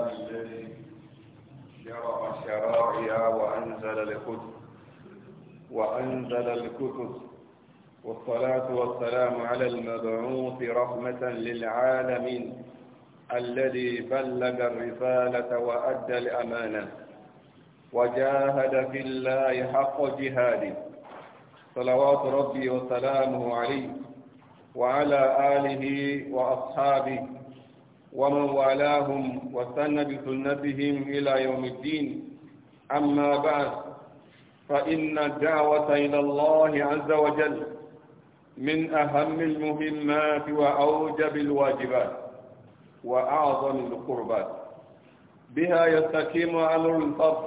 الذي شرع شرائع وأنزل الكتب وأنزل الكتب والصلاة والسلام على المبعوث رحمة للعالمين الذي بلغ الرسالة وأدى الأمانة وجاهد في الله حق جهاده صلوات ربي وسلامه عليه وعلى آله وأصحابه ومن والاهم واستنى بسنتهم إلى يوم الدين أما بعد فإن الدعوة إلى الله عز وجل من أهم المهمات وأوجب الواجبات وأعظم القربات بها يستقيم أمر الفضل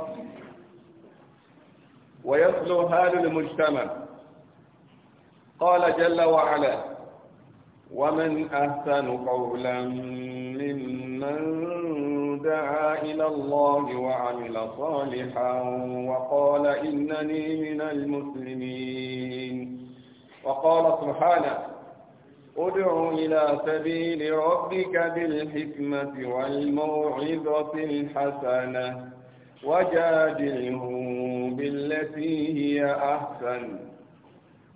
ويصلو حال المجتمع قال جل وعلا ومن أحسن قولا من دعا إلى الله وعمل صالحا وقال إنني من المسلمين وقال سبحانه ادع إلى سبيل ربك بالحكمة والموعظة الحسنة وجادله بالتي هي أحسن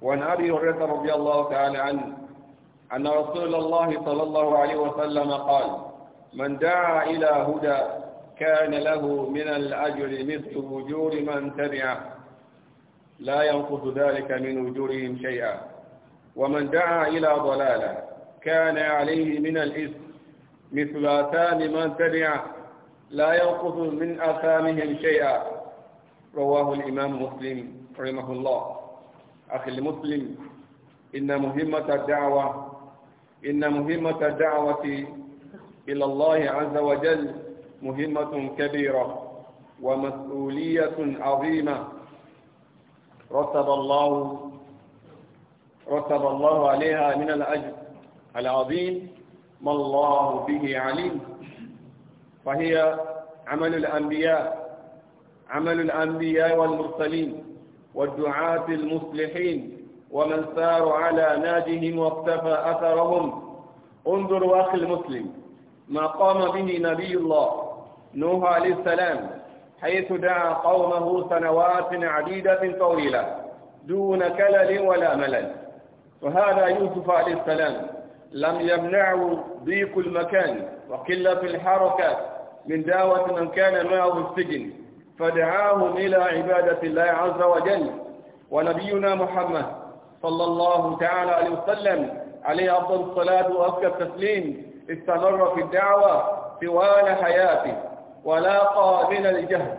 وعن أبي هريرة رضي الله تعالى عنه أن رسول الله صلى الله عليه وسلم قال من دعا إلى هدى كان له من الأجر مثل وجور من تبعه لا ينقص ذلك من وجورهم شيئا ومن دعا إلى ضلالة كان عليه من الإثم مثل آثام من تبعه لا ينقص من آثامهم شيئا رواه الإمام مسلم رحمه الله أخي المسلم إن مهمة الدعوة إن مهمة الدعوة إلى الله عز وجل مهمة كبيرة ومسؤولية عظيمة رتب الله رتب الله عليها من الأجر العظيم ما الله به عليم فهي عمل الأنبياء عمل الأنبياء والمرسلين والدعاة المصلحين ومن سار على ناجهم واقتفى أثرهم انظروا أخي المسلم ما قام به نبي الله نوح عليه السلام حيث دعا قومه سنوات عديدة طويلة دون كلل ولا ملل وهذا يوسف عليه السلام لم يمنعه ضيق المكان وقلة الحركة من دعوة من كان معه في السجن فدعاهم إلى عبادة الله عز وجل ونبينا محمد صلى الله تعالى عليه وسلم عليه أفضل الصلاة وأفكى التسليم استمر في الدعوة طوال حياته ولاقى من الجهد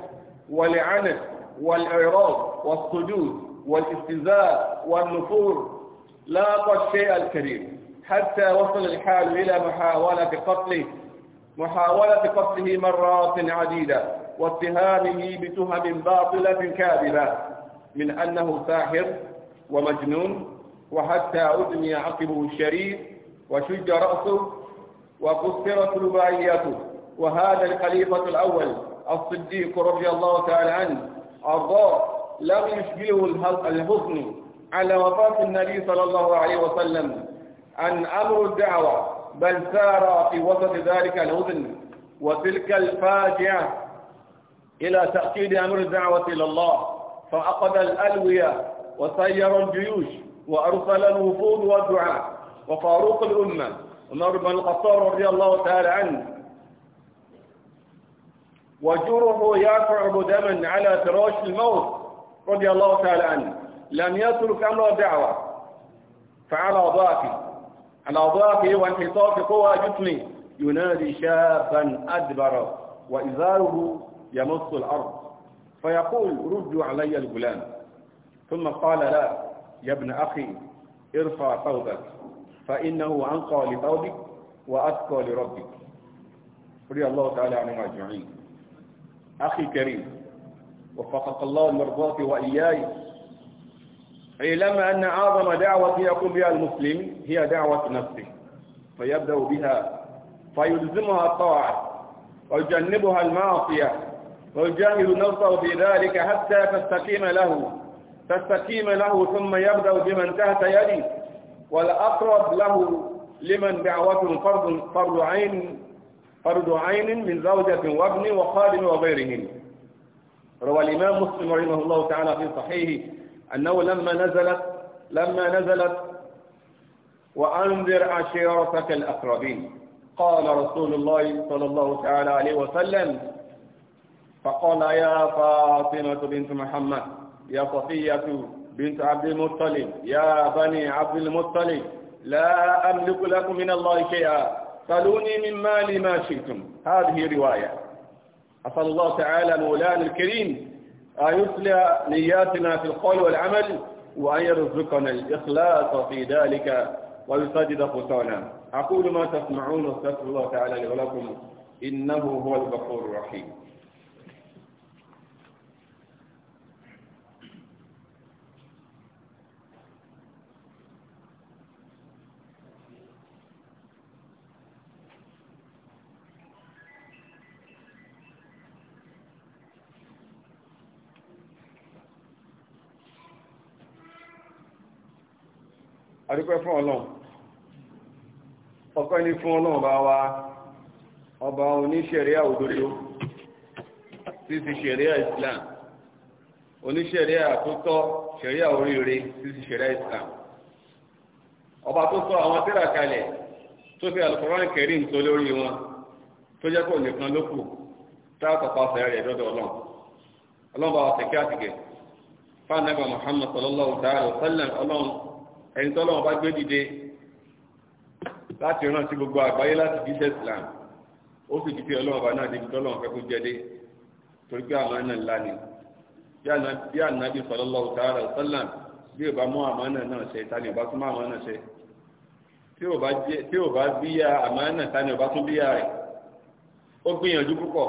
والعنف والإعراض والسجود والاستزاء والنفور لاقى الشيء الكريم حتى وصل الحال إلى محاولة قتله محاولة قتله مرات عديدة واتهامه بتهم باطلة كاذبة من أنه ساحر ومجنون وحتى أدمي عقبه الشريف وشج رأسه وكثرت رباعيته وهذا الخليفة الأول الصديق رضي الله تعالى عنه أرضاه لم يشبهه الحزن على وفاة النبي صلى الله عليه وسلم عن أمر الدعوة بل سار في وسط ذلك الحزن وتلك الفاجعة إلى تأكيد أمر الدعوة إلى الله فأقد الألوية وسير الجيوش وأرسل الوفود والدعاء وفاروق الأمة عمر بن الخطاب رضي الله تعالى عنه وجره يقعب دما على فراش الموت رضي الله تعالى عنه لم يترك أمر دعوة فعلى ضعفه على ضعفه وانحطاط قوى جسمه ينادي شابا أدبر وإزاره يمص الأرض فيقول ردوا علي الغلام ثم قال لا يا ابن أخي ارفع ثوبك فإنه أنقى لقلبك وأتقى لربك رضي الله تعالى عنهم أجمعين أخي الكريم وفقك الله المرضاة وإياي علم أن أعظم دعوة يقوم بها المسلم هي دعوة نفسه فيبدأ بها فيلزمها الطاعة ويجنبها المعصية ويجاهد نفسه في ذلك حتى تستقيم له تستقيم له ثم يبدأ بمن تحت يديه والأقرب له لمن دعوة فرض فرض عين فرض عين من زوجة وابن وخادم وغيرهن روى الإمام مسلم رحمه الله تعالى في صحيحه أنه لما نزلت لما نزلت وأنذر عشيرتك الأقربين قال رسول الله صلى الله تعالى عليه وسلم فقال يا فاطمة بنت محمد يا صفية بنت عبد المطلب يا بني عبد المطلب لا أملك لكم من الله شيئا سلوني من مالي ما شئتم هذه رواية أسأل الله تعالى مولانا الكريم أن يصلح نياتنا في القول والعمل وأن يرزقنا الإخلاص في ذلك ويسدد خطانا أقول ما تسمعون واستغفر الله تعالى لي ولكم إنه هو الغفور الرحيم àdúpẹ́ fún ọlọ́run ọpẹ́ ní fún ọlọ́run bá wa ọba oníṣẹ̀ríà òdodo tí ti ṣẹ̀ríà Islam oníṣẹ̀ríà tó tọ́ ṣẹ̀ríà oríire tí ti ṣẹ̀ríà Islam ọba tó sọ àwọn tírà kalẹ̀ tó fi Al-Qur'an Karim tó lórí wọn tó jẹ́ kó nìkan ló kù tá a kọ̀pá fẹ́ rẹ̀ lọ́dọ̀ ọlọ́run ọlọ́run bá wa tẹ̀kí àtìgẹ̀ fáànàgbà Muhammad sallallahu wa sallam ọlọ́run ẹni tọ́lọ́wọ́ bá gbé dìde láti ràn sí gbogbo àgbáyé láti jíṣẹ́ Islam ó sì fi ọlọ́wọ́ bá náà débi tọ́lọ́wọ́ fẹ́ kó jẹ́dé torí pé àmọ́ náà ńlá ni bí ànábì sallallahu ta'ala sallam bí ò bá mú àmọ́ náà ṣe tani ò bá tún mú àmọ́ náà ṣe tí ò bá bíyà náà tani ò tún bíyà rẹ̀ ó gbìyànjú púpọ̀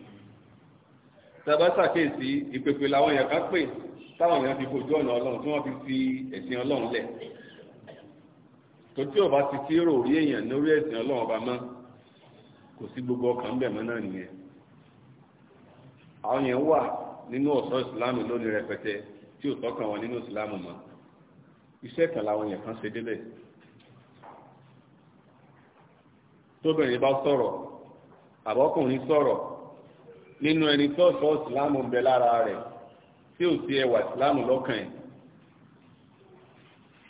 tẹ́bá ṣàkíyèsí ìpèpè làwọn èèyàn kan pè táwọn èèyàn fi kojú ọ̀nà ọlọ́run tí wọ́n fi fi ẹ̀sìn ọlọ́run lẹ̀ tó tí ọba ti fi rò rí èèyàn lórí ẹ̀sìn ọlọ́run ọba mọ́ kò sí gbogbo ọkàn bẹ̀ mọ́ náà nìyẹn àwọn yẹn wà nínú ọ̀sọ́ ìsìláàmù lónìí rẹpẹtẹ tí ò tọ́kàn wọn nínú ìsìláàmù mọ́ iṣẹ́ kan làwọn yẹn kan ṣe débẹ̀ tóbìnrin bá sọ̀rọ̀ àbọ́kùnrin sọ̀rọ̀ nínú ẹni tó sọ ìsìláàmù ń bẹ lára rẹ̀ tí ò sí ẹwà ìsìláàmù lọ́kàn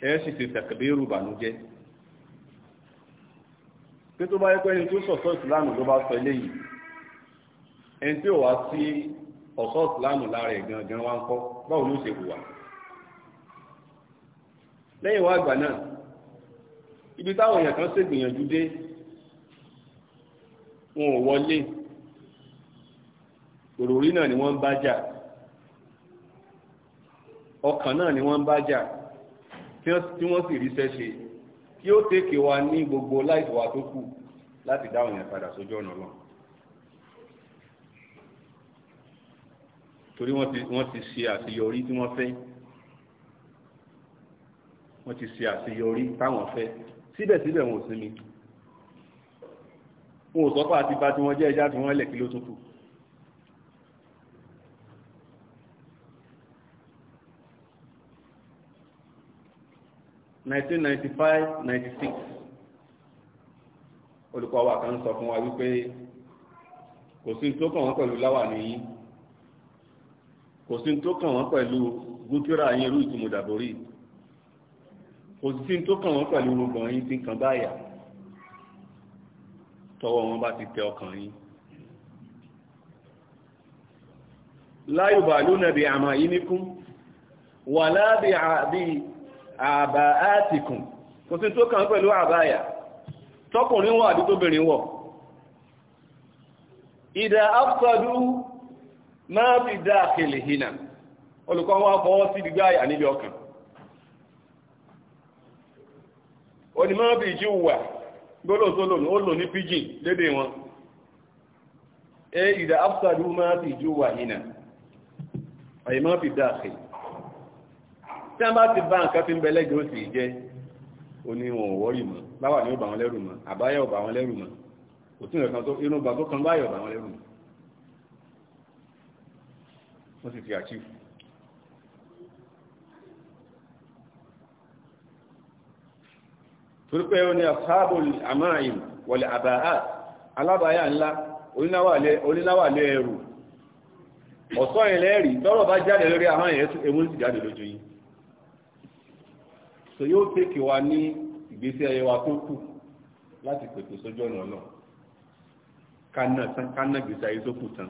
ẹ̀ ẹ̀ sì ti tẹ̀kẹ̀bẹ́rù bànújẹ́ pé tó bá yẹ pé ẹni tó sọ̀sọ́ ìsìláàmù ló bá sọ eléyìí ẹni tí ò wá sí ọ̀sọ́ ìsìláàmù lára ẹ̀ gangan wá ń kọ́ báwo ló ṣe hùwà lẹ́yìn wá àgbà náà ibi táwọn èèyàn kan ṣègbìyànjú dé wọn ò wọlé òròrí náà ni wọ́n ń bá jà ọkàn náà ni wọ́n ń bá jà tí wọ́n sì ríṣẹ́ ṣe kí ó tèkè wa ní gbogbo láìsí wa tó kù láti dáhùn yẹn padà sójú ọ̀nà náà torí wọ́n ti ṣe àṣeyọrí tí wọ́n fẹ́ wọ́n ti ṣe àṣeyọrí táwọn fẹ́ síbẹ̀síbẹ̀ wọn ò sinmi wọn ò sọ́pàá àti bá tí wọ́n jẹ́ ẹjá tí wọ́n lẹ̀ kí ló tún kù 1995-96 olùkọ́ wa kan sọ fún wa wípé kò sí tó kàn wọ́n pẹ̀lú láwà nìyí kò sí tó kàn wọ́n pẹ̀lú gúkúrà yín irú ìtumùdàbórí kò sí tó kàn wọ́n pẹ̀lú rúgbọ̀n yín tí kan báyà tọwọ́ wọn bá ti tẹ ọkàn yín láyùbà lónà àmà yín níkún wà lábẹ́ àbá àtìkùn kò sí tó kàn pẹ̀lú àbáyà tọkùnrin wọ̀ àbí tóbìnrin wọ̀ ìdá máa fi dá àkèlè hìnà olùkọ́ wọn fọwọ́ sí gbígbá àyà níbi ọkàn onímọ̀ bí ìjú wà gbólóòtólò ó lò ní pijin lédè wọn e ìdá afsadu máa fi ji wà hìnà àyè máa fi dá tí a bá ti bá nǹkan fi ń bẹ̀lẹ́gbẹ̀ ó sì jẹ́ oníwọ̀n wọ́rì mọ́ báwà ní ọba wọn lẹ́rù mọ́ àbáyọ̀ ọba wọn lẹ́rù mọ́ òtún ẹ̀kan tó irun bàbá kan báyọ̀ ọba wọn lẹ́rù mọ́ wọ́n sì fi àchífù torípé ó ní àfáàbò àmáàyìn wọlé àbáà alábàáyà ńlá oníláwàlẹ̀ ẹrù ọ̀sọ́ ilẹ̀ ẹ̀rí tọ́rọ̀ bá jáde lórí àwọn èèyàn tún emú sì jáde lójú yìí so yóò tèkì wa ní ìgbésí ayé wa tó kù láti pèpè sójú ọ̀nà náà kánà tán kánà gbèsè ayé tó kù tán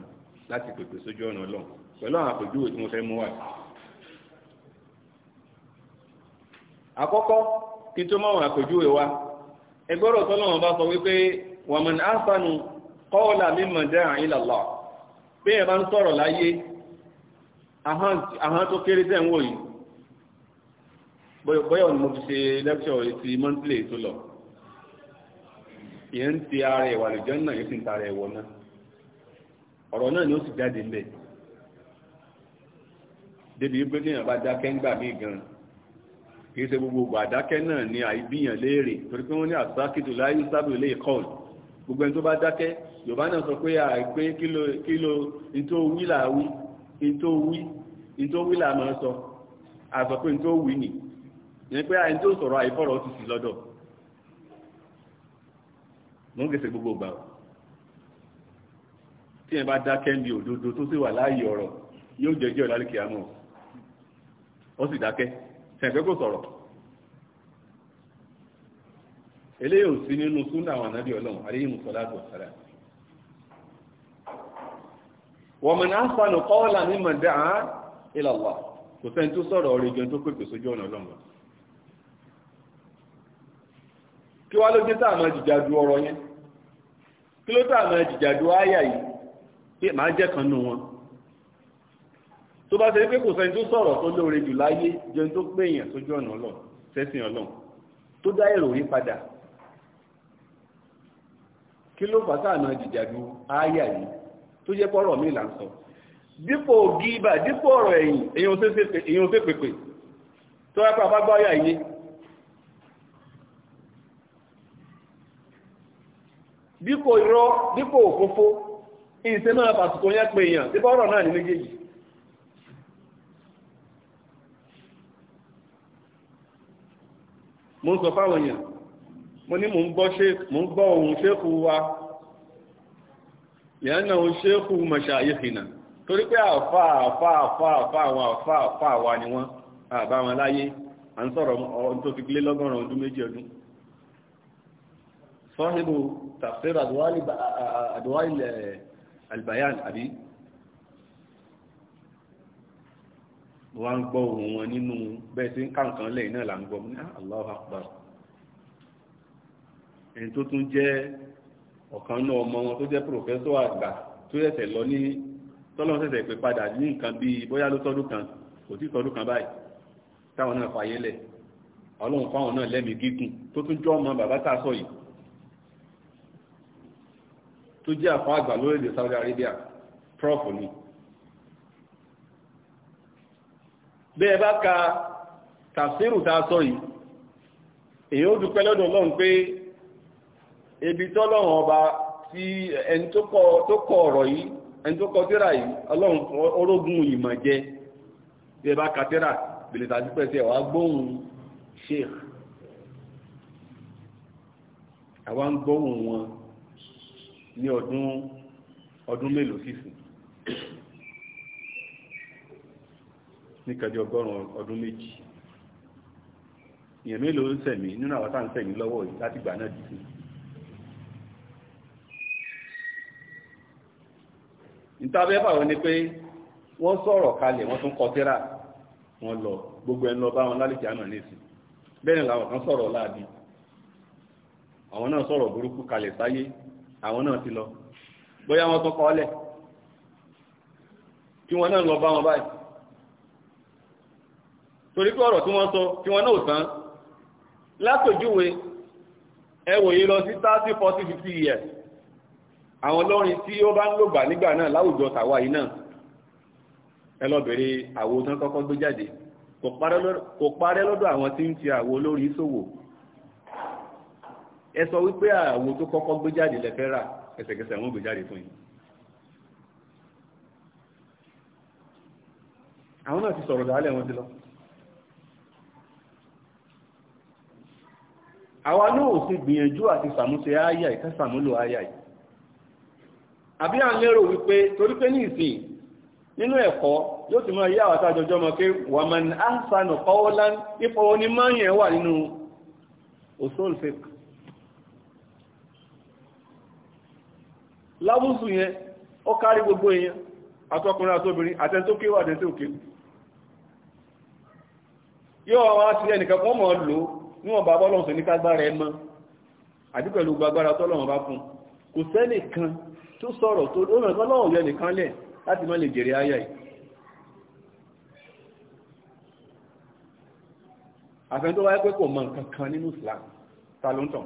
láti pèpè sójú ọ̀nà náà pẹ̀lú àwọn àpèjúwe tí mo fẹ́ mú wá yìí. àkọ́kọ́ kí tó máwọn àpèjúwe wa ẹgbọ́rọ̀ tọ́lọ́wọ́n bá sọ wípé wa man ahsanu qawlan mimman da'a ila Allah pé ẹ bá ń sọ̀rọ̀ láyé ahọ́n tó kéré tẹ́ ń wò yìí bóyá ni mo fi ṣe lẹ́kṣọ̀ ti monthly tó lọ ìyẹn ń ti ara ẹ̀wà lè jẹ́ náà yóò sì ń tara ẹ̀wọ̀ náà ọ̀rọ̀ náà ni ó sì jáde ń bẹ̀ débi wípé téèyàn bá dákẹ́ ń gbà mí gan kìí ṣe gbogbo ògbà àdákẹ́ náà ni àìbíyàn léèrè torí pé wọ́n ní àsákìtò láyé sábì lè kọ́ọ̀lù gbogbo ẹni tó bá dákẹ́ yorùbá náà sọ pé àìpé kílò kílò ìtò wí làá wí ìtò wí ìtò wí làá máa sọ àsọ pé ìtò wí nìí yẹn pé àyìn tó sọ̀rọ̀ àìfọ̀rọ̀ ti sì lọ́dọ̀ mo ń gèsè gbogbo ìgbà tí yẹn bá dákẹ́ ní òdòdó tó sì wà láàyè ọ̀rọ̀ yóò jẹ́jẹ́ ọ̀lálẹ́kì àmọ́ ọ sì dákẹ́ sẹ̀fẹ́ kò sọ̀rọ̀ eléyìí ò sí nínú súnà àwọn ànábì ọlọ́run alayhi musallatu wassalam wa man ahsanu qawlan mimman da'a ila kò sẹ́ni tó sọ̀rọ̀ ọ̀rẹ́jọ tó pèpè sójú ọ̀nà ọlọ́run kí wá ló dé tá àmọ́ jìjàdù ọ̀rọ̀ yẹn kí ló tá àmọ́ jìjàdù áyà yìí pé màá jẹ́ kan nù wọn tó bá ṣe pé kò sẹ́ni tó sọ̀rọ̀ tó lóore jù láyé jẹun tó pé èèyàn sójú ọ̀nà ọlọ́run sẹ́sìn ọlọ́run tó dá èrò yí padà kí ló fà sáà náà jìjàdù ááyà yìí tó jẹ́ pọ́rọ̀ mí là ń sọ dípò gíbà dípò ọ̀rọ̀ ẹ̀yìn èèyàn ó ṣe pèpè tó wá pàpá gbọ́ áyà yìí dípò irọ́ dípò òfófó ìṣẹ́ náà pàtùkò yẹn pé èèyàn tí bọ́rọ̀ náà ní méjèèjì mo ń sọ fáwọn èèyàn mo ní mo ń gbọ́ ṣe mo ń gbọ́ ohun ṣéèkù wa ìyẹn náà ohun ṣéèkù mọ̀ṣà ayéfìnà torí pé àfà àfà àfà àfà àwọn àfà àfà wa ni wọ́n àbá wọn láyé à ń sọ̀rọ̀ ohun tó fi lé lọ́gọ́rùn-ún ọdún méjì ọdún sọ́hìbù tafsir adwa albayan àbí wà ń gbọ́ ohun wọn nínú bẹ́ẹ̀ tí ń ká nǹkan lẹ́yìn náà là ń gbọ́ ní Allahu Akbar ẹni tó tún jẹ́ ọ̀kan náà ọmọ wọn tó jẹ́ pòfẹ́sọ̀ àgbà tó ṣẹ̀ṣẹ̀ lọ ní tọ́lọ́ ṣẹ̀ṣẹ̀ pé padà ní nǹkan bíi bóyá ló tọ́dún kan kò tí tọ́dún kan báyìí tó jẹ́ àfá àgbà lórílẹ̀ Saudi Arabia ni bí bá ka tafsiru ta sọ yìí èyí ó dúpẹ́ lọ́dọ̀ Ọlọ́run pé ebi tọ́lọ́run ọba tí ẹni tó kọ ọ̀rọ̀ yìí ẹni tó kọ yìí Ọlọ́run orógun ìmọ̀ jẹ bá ka bèlè tàbí pẹ̀sẹ̀ gbóhùn sheikh àwọn ní ọdún ọdún mélòó sísìn ní kẹjọ ọgọ́rùn ọdún méjì èèyàn mélòó ń sẹ̀mí nínú àwọn táà ń sẹ̀mí lọ́wọ́ yìí láti gbà náà dìbò ìtàbẹ́ ni pé wọ́n sọ̀rọ̀ kalẹ̀ wọ́n tún kọ wọn lọ gbogbo ẹnu ọba wọn lálẹ́ ìjànà bẹ́ẹ̀ ni làwọn kan sọ̀rọ̀ láàbí àwọn náà sọ̀rọ̀ burúkú àwọn náà ti lọ bóyá wọn tọkọ ọlẹ̀ kí wọn náà lọ bá wọn báyìí torí pé ọ̀rọ̀ tí wọ́n sọ kí wọn náà tán látòjúwe ẹ wòye lọ sí thirty forty fifty years àwọn olórin tí ó bá ń lògbà nígbà náà láwùjọ tàwa yìí náà ẹ lọ bèrè kọ́kọ́ gbé jáde kò parẹ́ lọ́dọ̀ àwọn tí ń ti àwo olórin ṣòwò ẹ sọ wípé àwo tó kọ́kọ́ gbé jáde lẹ́fẹ́ rà ẹsẹ̀kẹsẹ̀ wọ́n gbé jáde fún yín àwọn náà ti sọ̀rọ̀ dálẹ̀ wọn ti lọ àwa náà ò sì gbìyànjú àti sàmúnṣe ayà ìkásàmúlò ayà yìí àbí à ń lérò wípé torí pé ní ìsìn nínú ẹ̀kọ́ yóò ti máa yí àwàtà àjọjọ́ mọ́ pé wàmán ánsánù kọ́wọ́lá nípa onímọ̀ yẹn wà nínú òṣòlùfẹ́kù lábùsù yẹn ó kárí gbogbo èèyàn àtọkùnrin àtobìnrin àtẹntókè wà dẹ̀ tí òkè yóò wá sí ẹnìkan kan mọ̀ lò níwọ̀n bá bọ́lọ̀ sí ní kágbára ẹmọ àbí pẹ̀lú gbàgbára tọ́lọ̀wọ̀n bá fún kò sẹ́nìkan tó sọ̀rọ̀ tó lónìí tọ́lọ̀wọ̀n yọ nìkan lẹ̀ láti má lè jèrè ayà yìí àfẹ́ tó wáyé pé kò mọ̀ nǹkan kan nínú Islam ta ló ń tàn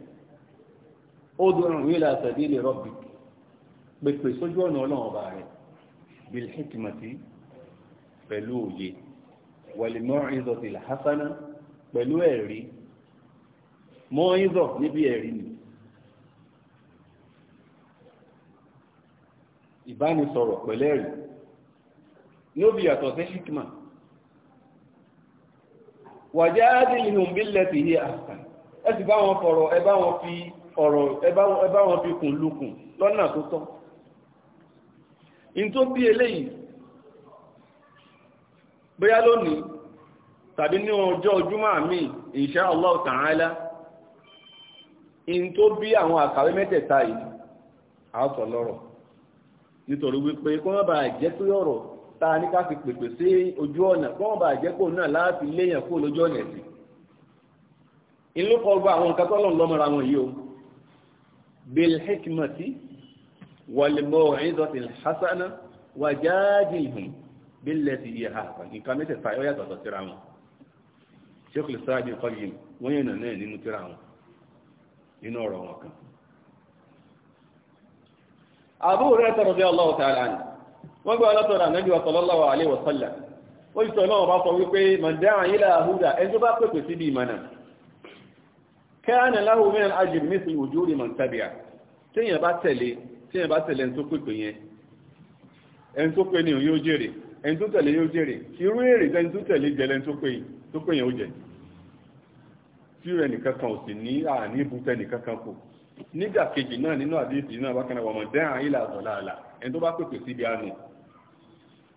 ud'u ila sabili rabbik pèpè sójú ọ̀nà ọlọ́run ọba rẹ̀ bil hikmati pẹ̀lú òye wal maw'izati al hasana pẹ̀lú ẹ̀rí mọ́ìzọ̀ níbi ẹ̀rí ni ìbánisọ̀rọ̀ pẹ̀lú ẹ̀rí ní ó bí yàtọ̀ sí hikma wajadilhum billati hiya ahsan ẹ sì bá wọn fọ̀rọ̀ ẹ bá wọn fi ọ̀rọ̀ ẹbá wọn fi kùn lukùn lọ́nà tó tọ́ in tó bí eléyìn bóyá lónìí tàbí ní ọjọ́ ojúmọ́ àmì insha Allah ta'ala in tó bí àwọn àkàwé mẹ́tẹ̀ẹ̀ta yìí sọ lọ́rọ̀ nítorí wípé jẹ́ pé ọ̀rọ̀ ta ní ká fi pèpè sí ojú ọ̀nà jẹ́ náà láti léèyàn kó lójú ọ̀nà ẹ̀sìn wọn yìí o بالحكمة والموعظة الحسنة وجادلهم بالتي هي أحسن إن كانت الفعية تتسرعون شيخ الإسلام القيم وين نين نترعون ينور وكان أبو هريرة رضي الله تعالى عنه وقال ترى النبي صلى الله عليه وسلم ويقول الله بعض ويقول من دعا إلى هدى إذا بقى كتب سبي منام kana lahu min al-ajr mithlu ujuri man tabi'a téèyàn bá tẹ̀lé téèyàn bá tẹ̀lé ẹni tó pèpè yẹn ẹni tó pè ní òun yóò jèrè ẹni tó tẹ̀lé yóò jèrè irú èrè tẹni tó tẹ̀lé jẹlẹ tó pè tó pè yẹn ó jẹ tí rẹ nìkan kan ò sì ní àníbùtẹ nìkan kan kù nígbà kejì náà nínú àdéhìsì náà bákan náà wọ̀mọ̀ dẹ́hàn ilà àzọ̀láàlà ẹni tó bá pèpè síbi àánú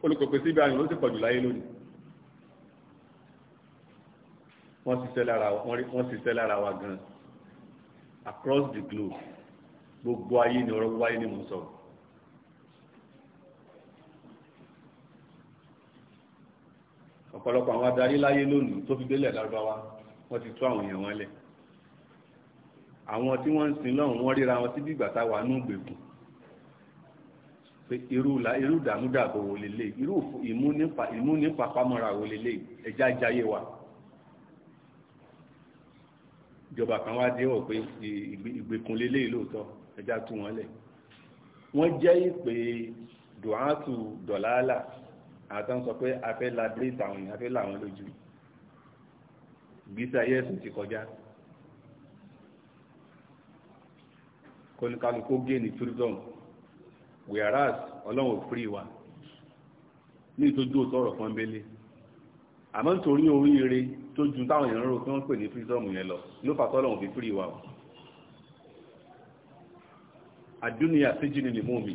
olùpèpè síbi àánú ló sì pọ̀jù láyé lónìí wọ́n ṣiṣẹ́ lára wa gan across the globe gbogbo ayé ni ọ̀rọ̀ gbogbo ayé ni mo sọ. ọ̀pọ̀lọpọ̀ àwọn adarí láyé lónìí tó fi délẹ̀ lárúbáwá wọ́n ti tú àwọn èèyàn wọn lẹ̀ àwọn tí wọ́n ń sin lọ́run wọ́n ríra wọn síbi ìgbà táwa nú gbèkùn pé irú ìdààmú dàbò wò lélẹ̀ irú ìmúnípapámọ́ra wò lélẹ̀ ẹ̀já jayé wa ìjọba kan wá dé wọ̀ pé ìgbèkùn lélẹ̀ lóòótọ́ ẹja tú wọn lẹ̀ wọ́n jẹ́ ìpè dùhátù dọ̀làálà àtàn sọ pé a fẹ́ la dé ìtàwọn èèyàn a fẹ́ làwọn lójú ìgbésí ayé ẹ̀sìn ti kọjá kọ́nìkálukú gẹ́ẹ̀nì freedom whereas ọlọ́run free wa ní ìtọ́jú òtọ́rọ̀ fọ́nbélé àmọ́ nítorí oríire tó ju táwọn èèyàn rò tí wọ́n ń pè ní freedom yẹn lọ ló fà tọ́lọ́hùn fi free wa àdúnìyà síjì ni mọ́mì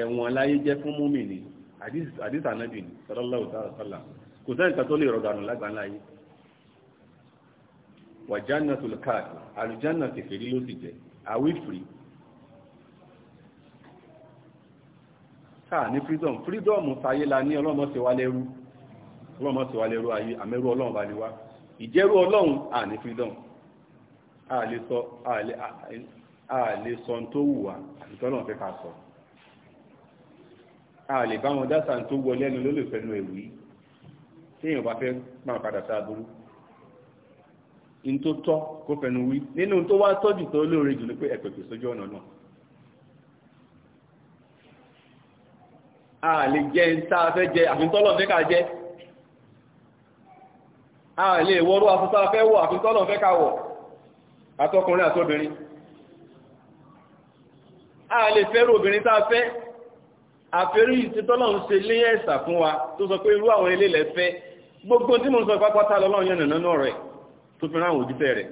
ẹ̀wọ̀n láyé jẹ́ fún mọ́mì ni àdìsà nábì ni sallallahu ta'ala sallam kò sẹ́ni kan tó lè rọ̀gànù lágbàńlá yìí wà jannatul káàkiri àlùjánà kẹfẹ́rí ló sì jẹ́ àwífìrí káà ní freedom freedom fayé la ní ọlọ́mọ ti wá lẹ́rú ọlọ́run mọ́sí wa lẹ́rú ayé àmẹ́rú ọlọ́run bá ní wá ìjẹ́rú ọlọ́run à ní freedom a lè sọ tó wù wá àti tọ́lọ́run fẹ́ ká sọ a lè bá wọn dásà tó wọ lẹ́nu ló lè fẹ́nu ẹ̀wí tí èèyàn bá fẹ́ máa padà sáà burú in tó tọ́ kó fẹ́nu wí nínú tó wá tọ́jú tó lóore jù ní pé ẹ̀pẹ̀pẹ̀ sójú ọ̀nà náà a lè jẹ́ ń tá a fẹ́ jẹ àfi tọ́lọ́run fẹ́ ká jẹ́ a lè wọ́rọ́ asọ́sá fẹ́ wọ̀ àfi tọ́lọ̀ fẹ́ ká wọ̀ àtọkùnrin àtobìnrin a lè fẹ́rù obìnrin tá a fẹ́ àfẹ́rù ìsìtọ́lọ̀ ń ṣe lé ẹ̀sà fún wa tó sọ pé irú àwọn ilé lẹ́fẹ́ gbogbo tí mo sọ pápátá lọ́lọ́run yẹn nínú rẹ̀ tó fi ráhùn òjíṣẹ́ rẹ̀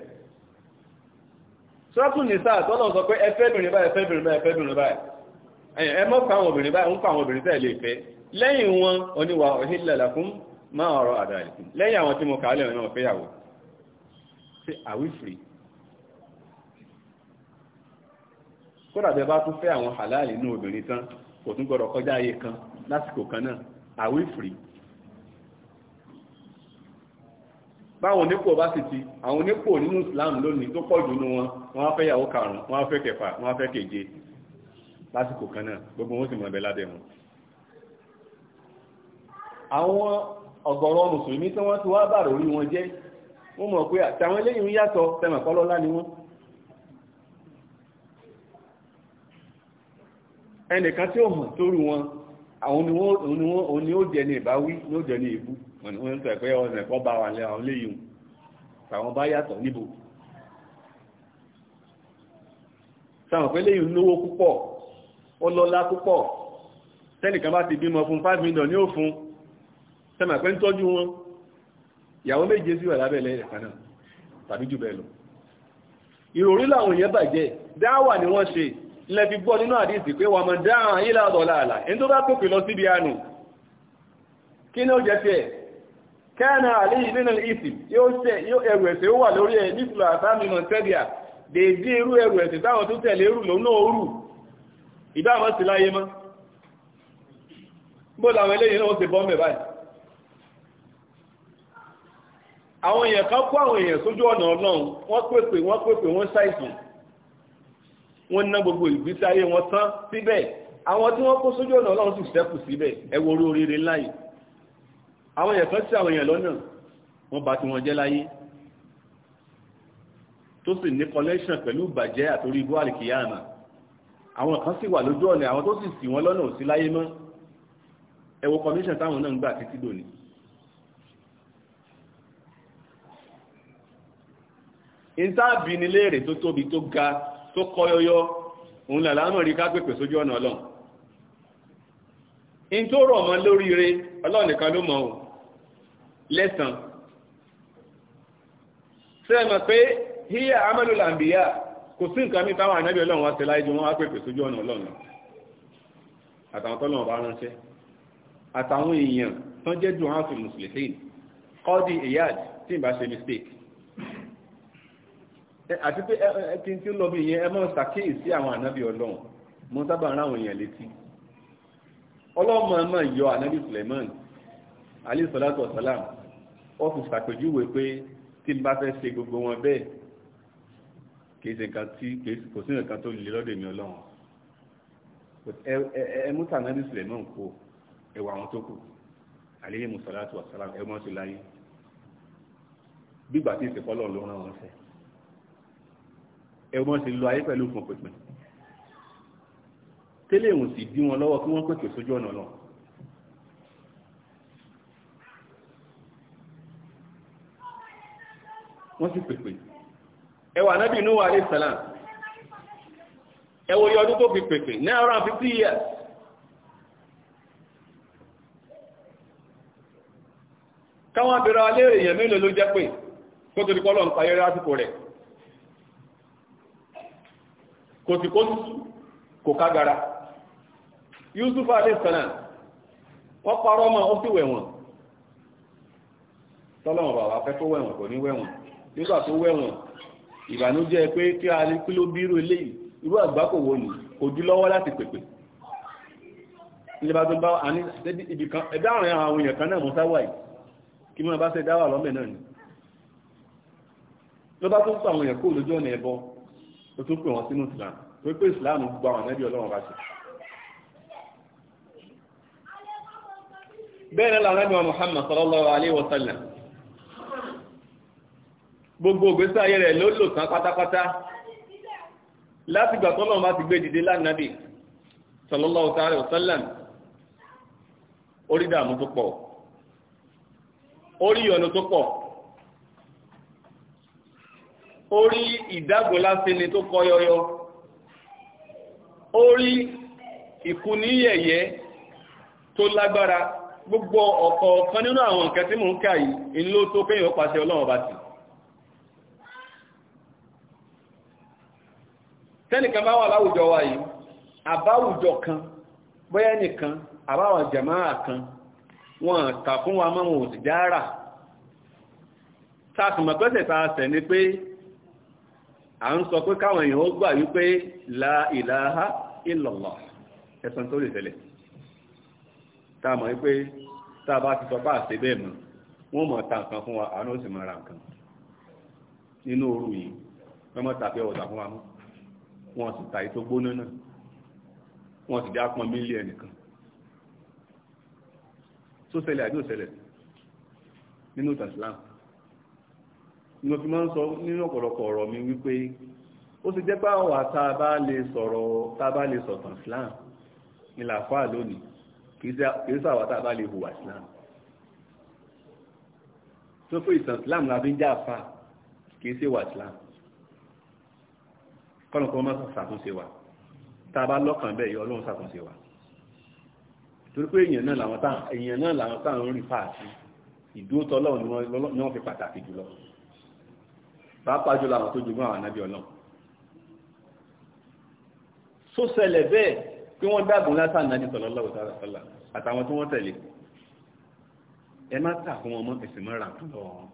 sọ́tún nìsà tọ́lọ̀ sọ pé ẹfẹ́bìnrin báyìí ẹfẹ́bìnrin báyìí ẹfẹ́bìnrin báyìí ẹ mọ́ pa àwọn obìnrin báyìí ń pa àwọn obìnrin tẹ́ẹ̀ lè fẹ́ lẹ́yìn wọn oníwà ọ̀hìnlẹ̀lẹ̀kún máa ọ̀rọ̀ àdáyàlìkì lẹ́yìn àwọn tí mo kà lẹ́rìn náà fẹ́yàwó sí àwífìrí kódà bẹ bá tún fẹ́ àwọn halal inú obìnrin tán kò tún gbọ́dọ̀ kọjá ayé kan lásìkò kan náà àwífìrí báwọn onípò bá sì ti àwọn onípò nínú Islam lónìí tó pọ̀ jù nínú wọn wọ́n fẹ́ yàwó karùn-ún wọ́n fẹ́ kẹfà wọ́n fẹ́ keje lásìkò kan náà gbogbo wọn sì mọ̀ ẹ̀bẹ̀ lábẹ́ wọn àwọn ọ̀gọ̀rọ̀ mùsùlùmí tí wọ́n ti wá bàrò orí wọn jẹ́ wọ́n mọ̀ pé àtàwọn eléyìí ń yàtọ̀ tẹmọ̀kọ́lọ́lá ni wọ́n ẹnìkan tí ó hàn tóru wọn àwọn ni ó jẹ ní ìbáwí ló jẹ ní ìbú wọ́n sọ pé ọ̀nà ẹ̀kọ́ bá wà lẹ́wọ̀n léyìn tàwọn bá yàtọ̀ níbo sáwọn pé léyìn lówó púpọ̀ ó 5 million ní ó fún sẹ́mà pé ń tọ́jú wọn ìyàwó méje sí wà lábẹ́ lẹ́yìn kan náà tàbí jù bẹ́ẹ̀ lọ ìròrí làwọn èèyàn bàjẹ́ dáwà ni wọ́n ṣe ilẹ̀ fi gbọ́ nínú àdíìsì pé wà mọ̀ dáhàn ilẹ̀ ọ̀dọ̀lá àlà ẹni tó bá pòpè lọ síbi àánú kí ní ó jẹ́ fẹ́ kẹ́ẹ̀nà àlè ìlẹ́nà ìsì yóò ẹrù ẹ̀sẹ̀ ó wà lórí ẹ̀ nífùlọ àtàmìmọ̀ sẹ́bíà dèédé irú ẹrù ẹ̀sẹ̀ táwọn tó tẹ̀lé rù lónà orù ìbáwọn sí láyé mọ́ bó làwọn eléyìí náà ó ṣe bọ́ mẹ́ báyìí àwọn èèyàn kan kó àwọn èèyàn sójú ọ̀nà ọlọ́run wọ́n pèpè wọ́n pèpè wọ́n ṣàìsàn wọ́n ná gbogbo ìgbésí ayé wọn tán síbẹ̀ àwọn tí wọ́n kó sójú ọ̀nà ọlọ́run sì ṣẹ́kù síbẹ̀ ẹ wo orí oríire láyé àwọn èèyàn kan sí àwọn èèyàn lọ́nà wọ́n bá ti wọn jẹ́ láyé tó sì ní connection pẹ̀lú ìbàjẹ́ àtòrí ibú àlìkìyàmà àwọn kan sì wà lójú ọ̀nà àwọn tó sì ṣì wọ́n lọ́nà ò sí láyé mọ́ ẹ wo commission táwọn náà ń gbà títí dòní ìtàbí nílé èrè tó tóbi tó ga tó kọyọyọ òun làlánà rí ká pèpè sójú ọ̀nà ọlọ́run in tó rọ̀ mọ́ lóríire ọlọ́run nìkan ló mọ̀ ọ́ lẹ́sàn sẹ́ẹ̀mọ̀ pé híyà amẹ́lò làǹbíyà kò sí nǹkan mìí táwọn ànábì ọlọ́run wá ṣe láìjú wọn wá pèpè sójú ọ̀nà ọlọ́run àtàwọn tọ́lọ́run bá ránṣẹ́ àtàwọn èèyàn tán jẹ́ dùn áàfin mùsùlùmí kọ́dí ìyáàdì tí ìbá ṣe mistake àti pé kí n tí ó lọ bí ìyẹn ẹ máa ṣàkíyèsí àwọn ànábì ọlọ́run mo sábà ń ráwọn èèyàn létí ọlọ́mọ ọmọ ìyọ ànábì Suleiman alayhi salatu wa salam ó fi ṣàpèjúwe pé tí n bá fẹ́ ṣe gbogbo wọn bẹ́ẹ̀ kì í ṣe nǹkan tí kò sí nǹkan tó lè lọ́dọ̀ èmi ọlọ́run ẹ mú tànábì Suleiman kó ẹwà àwọn tó kù alayhi salatu wa salam ẹ mọ́ sí láyé bí gbà tí ìsìnkọ́ lọ́ọ̀ ló rán wọn sẹ́ẹ̀ ẹ̀wọ́n sì lọ ayé pẹ̀lú fún pẹ̀pẹ̀ tẹ́lẹ̀ ìwọ̀n sì dí wọn lọ́wọ́ kí wọ́n pẹ̀pẹ̀ sójú ọ̀nà náà wọ́n sì pẹ̀pẹ̀ ẹwà nábì inú wa alayhi salam yọ ọdún tó fi pẹ̀pẹ̀ nine hundred and fifty years káwọn abẹ́rẹ́ alẹ́ èèyàn mélòó ló jẹ́ pé kó tó di kọ́ lọ́n pa àsìkò rẹ̀ kò sì kó kò kágara Yusuf alayhisalam wọ́n parọ́ mọ́ ó sì wẹ̀wọ̀n tọ́lọ́wọ̀n bàbá fẹ́ kó wẹ̀wọ̀n kò ní wẹ̀wọ̀n nígbà tó wẹ̀wọ̀n ìbànújẹ́ pé kí a lè kí ló bírò eléyìí irú àgbákò wo ni kò dí lọ́wọ́ láti pèpè ló bá tó ń àwọn èèyàn kó lójú ọ̀nà ẹ̀bọ ó tún pè wọ́n sínú islam pé pé islam gba àwọn ẹ̀nẹ́bí ọlọ́run bá ṣe bẹ́ẹ̀ náà làwọn ẹ̀nẹ́bí Muhammad sallallahu alaihi wa sallam gbogbo ògbésí ayé rẹ̀ ló lò tán pátápátá láti gbà tọ́lọ́run bá ti gbé dìde lánàbì sallallahu orí ìdágò lásìlẹ̀ tó kọ yọyọ orí ìkúníyẹ̀yẹ́ tó lágbára gbogbo ọ̀kọ̀ọ̀kan nínú àwọn nǹkan tí mò ń kà yìí in ló tó kéyàn pàṣẹ ọlọ́run bá ti tẹ́nìkan bá wà láwùjọ wa yìí àbáwùjọ kan bóyá nìkan àbáwọn jàmáà kan wọn kà fún wa mọ́ wọn ò sì dára pẹ́sẹ̀ ta sẹ̀ ni pé à ń sọ pé káwọn èèyàn ó gbà wípé la ilaha illallah ẹ̀sán tó lè tẹ̀lẹ̀ tá a mọ̀ wípé tá a bá ti sọ pé àṣẹ bẹ́ẹ̀ mọ̀ wọ́n mọ̀ ta nǹkan fún wa àwọn sì mọ̀ nǹkan nínú òru yìí wọ́n tàbí ọ̀dà fún wa mọ́ wọ́n sì ta ètò gbóná náà wọ́n sì dé apọn mílíọ̀nù nìkan tó ṣẹlẹ̀ àbí ò nínú ìtàn ni mo fi máa ń sọ nínú ọ̀pọ̀lọpọ̀ ọ̀rọ̀ mi wípé ó ti jẹ́ pàwà tá a bá lè sọ̀rọ̀ tá a bá sọ̀tàn Islam ní làfà lónìí kì í sàwà tá a bá lè hùwà Islam tó pé ìtàn Islam la fi ń já àfà kì í ṣe wà Islam kọ́nàkọ́ máa ṣàtúnṣe wa tá a bá lọ́kàn bẹ́ẹ̀ yọ ọlọ́run ṣàtúnṣe wa torí pé èèyàn náà làwọn táwọn èèyàn náà làwọn táwọn ń rí fáàtì ìdúró tọ́lọ́run ni wọ́n fi pàtàkì jùlọ pàápàá jùlọ àwọn tó jogún àwọn ànábì ọlọ́run tó ṣẹlẹ̀ bẹ́ẹ̀ pé wọ́n dàgùn látàn náà ní sallallahu ta'ala sallam àtàwọn tí wọ́n tẹ̀lé ẹ má tà fún wọn mọ́ ẹ̀sìn mọ́ ra fún wọn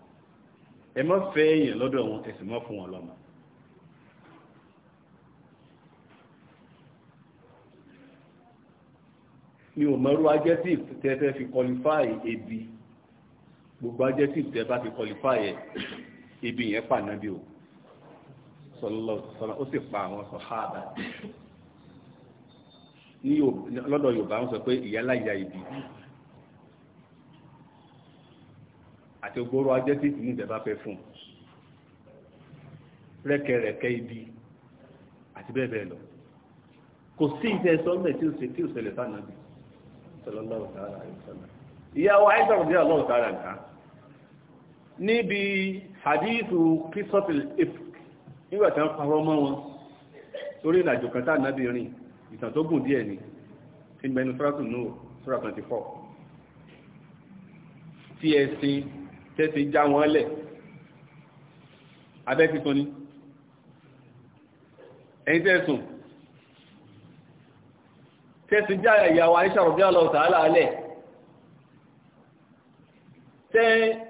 ẹ má fẹ́ èèyàn lọ́dọ̀ wọn ẹ̀sìn mọ́ fún wọn lọ́mọ mi ò mọ̀rú adjective tẹ́ fi qualify ebi gbogbo adjective tẹ́ bá fi qualify ẹ̀ ibi yẹn pa nabi o sọlọ́sọlọ́ ó sì pa àwọn sọ̀háàbà ní lọ́dọ̀ yorùbá o sọ pé ìyáláyà ibi àti gbóró ajé tí ìtìmú ìjẹba fẹ́ fún rẹ́kẹrẹ́kẹ́ ibi àti bẹ́ẹ̀ bẹ́ẹ̀ lọ kò sí ìfẹ́ sọ́mẹ̀ tí ó ṣe tí ó ṣẹlẹ̀ sánàbì sọlọ́lọ́wọ́ tààrà ìyàwó àìsàn òbí ọlọ́wọ́ tààrà nǹkan níbi hadithu christopher if nígbàtà ń parọ́ mọ́ wọn torí ìlàjò kẹta náàbì rìn ìtàn tó gùn díẹ̀ ni tí ń bẹnu sọ́rọ̀tún nù sura 24 tí ẹ̀sìn tẹ́sí já wọn lẹ̀ abẹ́ tuntun ni ẹ̀yìn tẹ́sùn tẹ́sí já ìyàwó àìṣàròbí àlọ́ tààlà alẹ́ tẹ́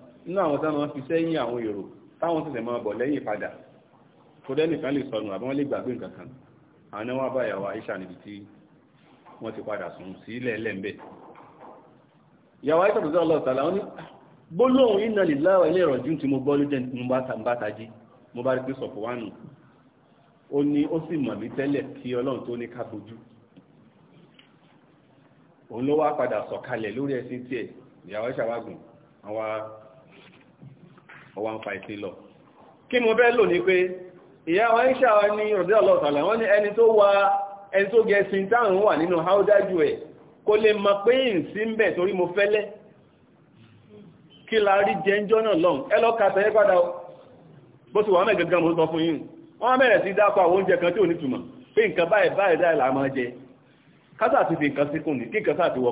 nínú àwọn táwọn fi sẹ́yìn àwọn èrò táwọn tẹ̀lẹ̀ máa bọ̀ lẹ́yìn padà kò dẹ́nìkan lè sọnù àbí lè gbàgbé nǹkan àwọn ni wọ́n bá ìyàwó Aisha níbi tí wọ́n ti padà sùn sí ilẹ̀ ẹlẹ́m̀bẹ̀ ìyàwó Aisha tòṣe ọlọ́ọ̀tàlá wọn ni gbólóhùn iná lè láwọ ilé ìrọ̀jú tí mo gbọ́ ló jẹ́ mo bá tají mo bá rí pé sọ̀fọ̀ wánu ó ní ó sì mọ̀ mí tẹ́lẹ̀ kí Ọlọ́run tó ní ká bojú òun ló wá padà àwọn ọwá ń lọ kí mo bẹ́ lò ní pé ìyá wọn ń ṣàwọn ní ọ̀dẹ́ ọlọ́ọ̀tàlà wọ́n ní ẹni tó wà ẹni tó gẹ sin táàrùn wà nínú jù ẹ̀ kó lè mọ pé ìsìn ń mbẹ̀ torí mo fẹ́lẹ́ kí la rí jẹ́ńjọ́ náà lọ́n mo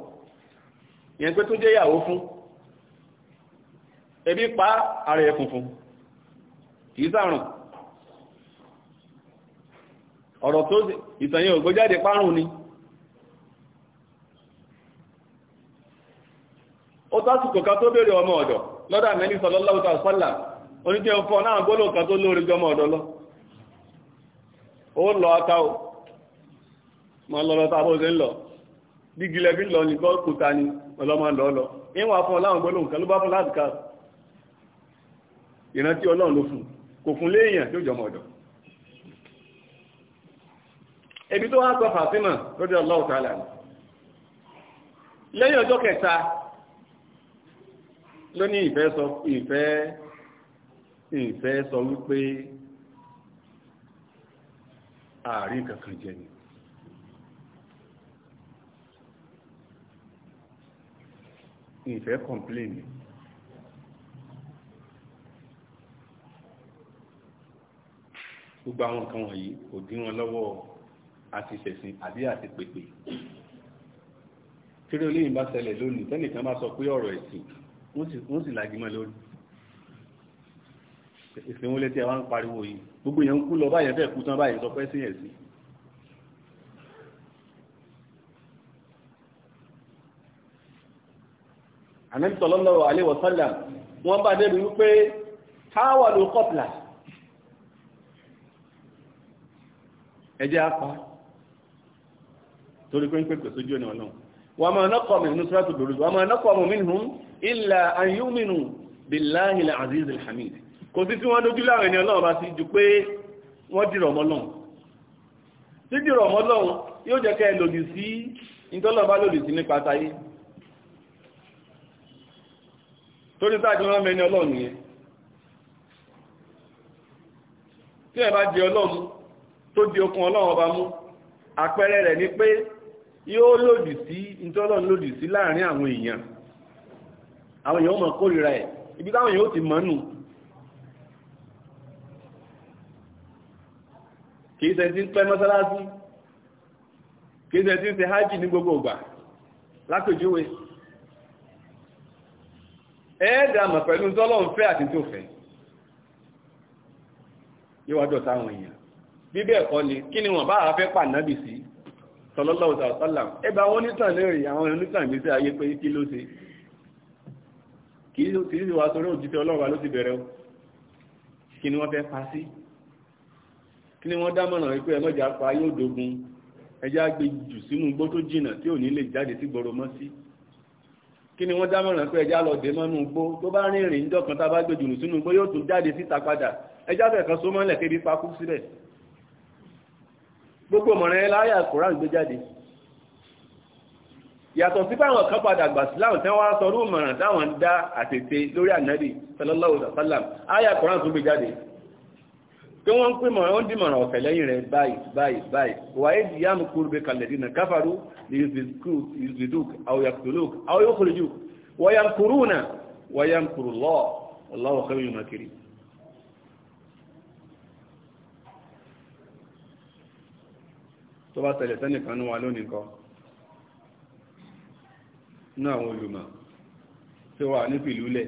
ìyẹn pé tó jẹ́ ìyàwó fún ebi pa ara ẹ̀ funfun kìí sàrùn ọ̀rọ̀ tó ìtànyẹ ògbójáde párùn ni ó tásìkò ká tó bèèrè ọmọ ọ̀dọ̀ lọ́dà mẹ́lì sọlọ́lọ́wọ́ta sọ́là oníjẹ́ fọ́ náà gbólò ká tó lórí ọmọ ọ̀dọ̀ lọ ó lọ aka o ma lọ́lọ́ta bó ṣe ń lọ bí gilẹ̀ lọ ní gọ́ọ̀kúta ni ọlọ́mọ lọ́ọ̀lọ́ níwọ̀n fún ọláwọn gbọ́lọ́ nǹkan ló bá fún láti ká ìrántí ọlọ́run ló fún kò fún léèyàn tí ó jọmọ ọ̀dọ̀ ebi tó wá sọ fàtímà lórí ọlọ́run lẹ́yìn ọjọ́ kẹta ló ní ìfẹ́ sọ wípé ààrí kankan jẹ ni ìfẹ́ kọ̀m̀pléènì gbogbo àwọn nǹkan wọ̀nyí kò dí wọn lọ́wọ́ àti ṣẹ̀sìn àbí àti pèpè kí olóyìn bá ṣẹlẹ̀ lónìí tẹ́nìkan bá sọ pé ọ̀rọ̀ ẹ̀sìn wọ́n sì lágímọ̀ lórí ìsìn wọn létí àwọn pariwo yìí gbogbo èèyàn ń kú lọ báyẹn fẹ́ kú tán báyẹn sọ pé sí ẹ̀sìn Ànábì sallallahu alaihi wasallam wọ́n bá débi wípé táwà ló kọ́pìlà ẹjẹ́ apá torí pé ń pèpè sójú ọ̀nà ọ̀nà wa ma naqamu min nusratu Buruj wa ma naqamu minhum illa an yu'minu billahi al-aziz al-hamid kò sí tí wọ́n dojú láàrin yóò jẹ́ lòdì sí ìtọ́lọ́ba lòdì sí nípa táyé torí táàdì wọ́n mẹ́ni ọlọ́run yẹn tí ẹ bá jẹ ọlọ́run tó di okun ọlọ́run ọba mú àpẹẹrẹ rẹ̀ ni pé yóò lòdì sí ìtọ́lọ́run lòdì sí láàrin àwọn èèyàn àwọn èèyàn mọ̀ kórìíra ẹ̀ ibi táwọn èèyàn ó ti mọ́nù kìí ń pẹ́ mọ́sálásí kìí ń ní gbogbo ìgbà ẹ́ẹ̀dàmọ̀ pẹ̀lú tọ́lọ́run fẹ́ àti tó fẹ́ yíwájọ́ táwọn èèyàn bí bẹ́ẹ̀ kọ́ ni kí ni wọ́n bá àfẹ́ pà náàbì sí sallallahu alaihi wasallam ẹba wọ́n nítàn lẹ́rìn àwọn onítàn gbé sí ayé pé kí ló ṣe kí sí wá sórí òjíṣẹ́ ọlọ́run ló ti bẹ̀rẹ̀ kí ni wọ́n fẹ́ pa sí kí ni wọ́n dámọ̀ràn wípé ẹmọ́jà pa yóò dogun ẹjá gbé jù sínú igbó tó jìnà tí ò ní lè jáde sí gbọrọ mọ́ sí kí ni wọ́n dámọ̀ràn pé ẹja lọ dé mọ́nú igbó tó bá rìn ìrìn dọ́kan tá a bá gbèjùrù sínú igbó yóò tún jáde síta padà ẹja bẹ̀ kan sómọ́lẹ̀ kébi pakú síbẹ̀ gbogbo mọ̀ràn ẹ láyà koran gbé jáde yàtọ̀ sí báwọn kan padà gbà síláàmù tí wọ́n sọ rúùmọ̀ràn táwọn ń dá àtètè lórí ànábì sallallahu alaihi wasallam áyà koran tún gbé jáde pé wọ́n ń pè mọ̀ràn wọ́n dìmọ̀ràn ọ̀fẹ́ lẹ́yìn rẹ̀ báyìí báyìí báyìí wàyé di yá mú kúrú bẹ kàlẹ̀dínà káfàrú ní ìzìdúk àwòyàkùtòlók àwòyàkùtòlók wàyàmkùrúnà wàyàmkùrúlọ́ ọlọ́wọ́ kẹ́rin yóò mákiri tó àwọn olùmọ̀ tí wà ní fìlúlẹ̀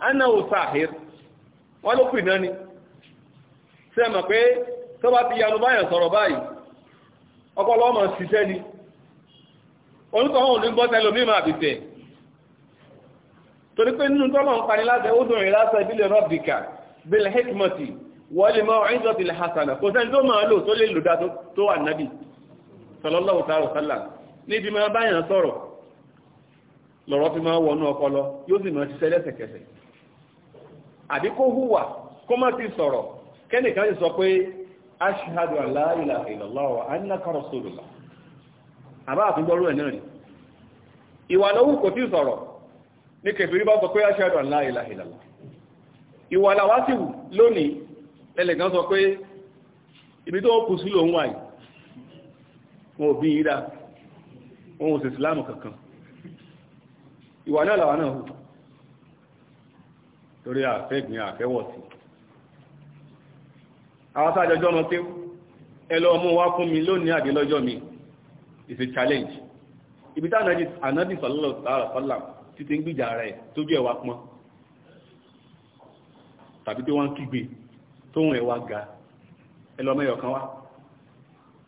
ana usahir wọ́n ló pè náà ni ṣe mọ̀ pé tó bá ti yanu báyàn sọ̀rọ̀ báyìí ọpọlọ ọmọ ṣiṣẹ́ ni orúkọ wọn ò ní bọ́sẹ̀ lómi máa fi tẹ̀ torí pé nínú tọ́lọ̀ ń pani láti ó dùn ìlàsẹ̀ ìbílẹ̀ rọ́bìkà bil hasana fi máa wọnú ọpọlọ yóò sì máa ṣiṣẹ́ lẹ́sẹ̀kẹsẹ̀ àbí kó hùwà kó má ti sọ̀rọ̀ kẹ́nìkan ti sọ pé ashhadu an la ilaha illallah wa annaka rasulullah àbá àtúgbọ́rú ẹ̀ náà ni ìwà lówù kò tí sọ̀rọ̀ ní kẹfìrí bá sọ pé ashhadu an la ilaha illallah ìwà làwá sì wù lónìí ẹlẹ̀gán sọ ibi tó torí àfẹ́ ìgbìn àfẹ́wọ̀sí àwọn sáàjọjọ́ ọmọ pé ẹlọ ọmọ wá fún mi lónìí àdílọ́jọ́ mi is a challenge ibi tá ànábì sọ̀lọ́lọ́ sọ́lá títí ń gbìjà rẹ̀ tójú ẹ̀wà pọ́n tàbí tí wọ́n kígbe tóhun ẹ̀wà ga ẹlọ ọmọ ẹ̀yọ̀kan wá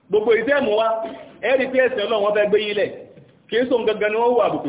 gbogbo ìtẹ́ẹ̀mù wá ẹ̀rí pé ẹ̀sẹ̀ ọlọ́run fẹ́ gbé yílẹ̀ kí é sóhun gangan ni wọ́n wà àbùkù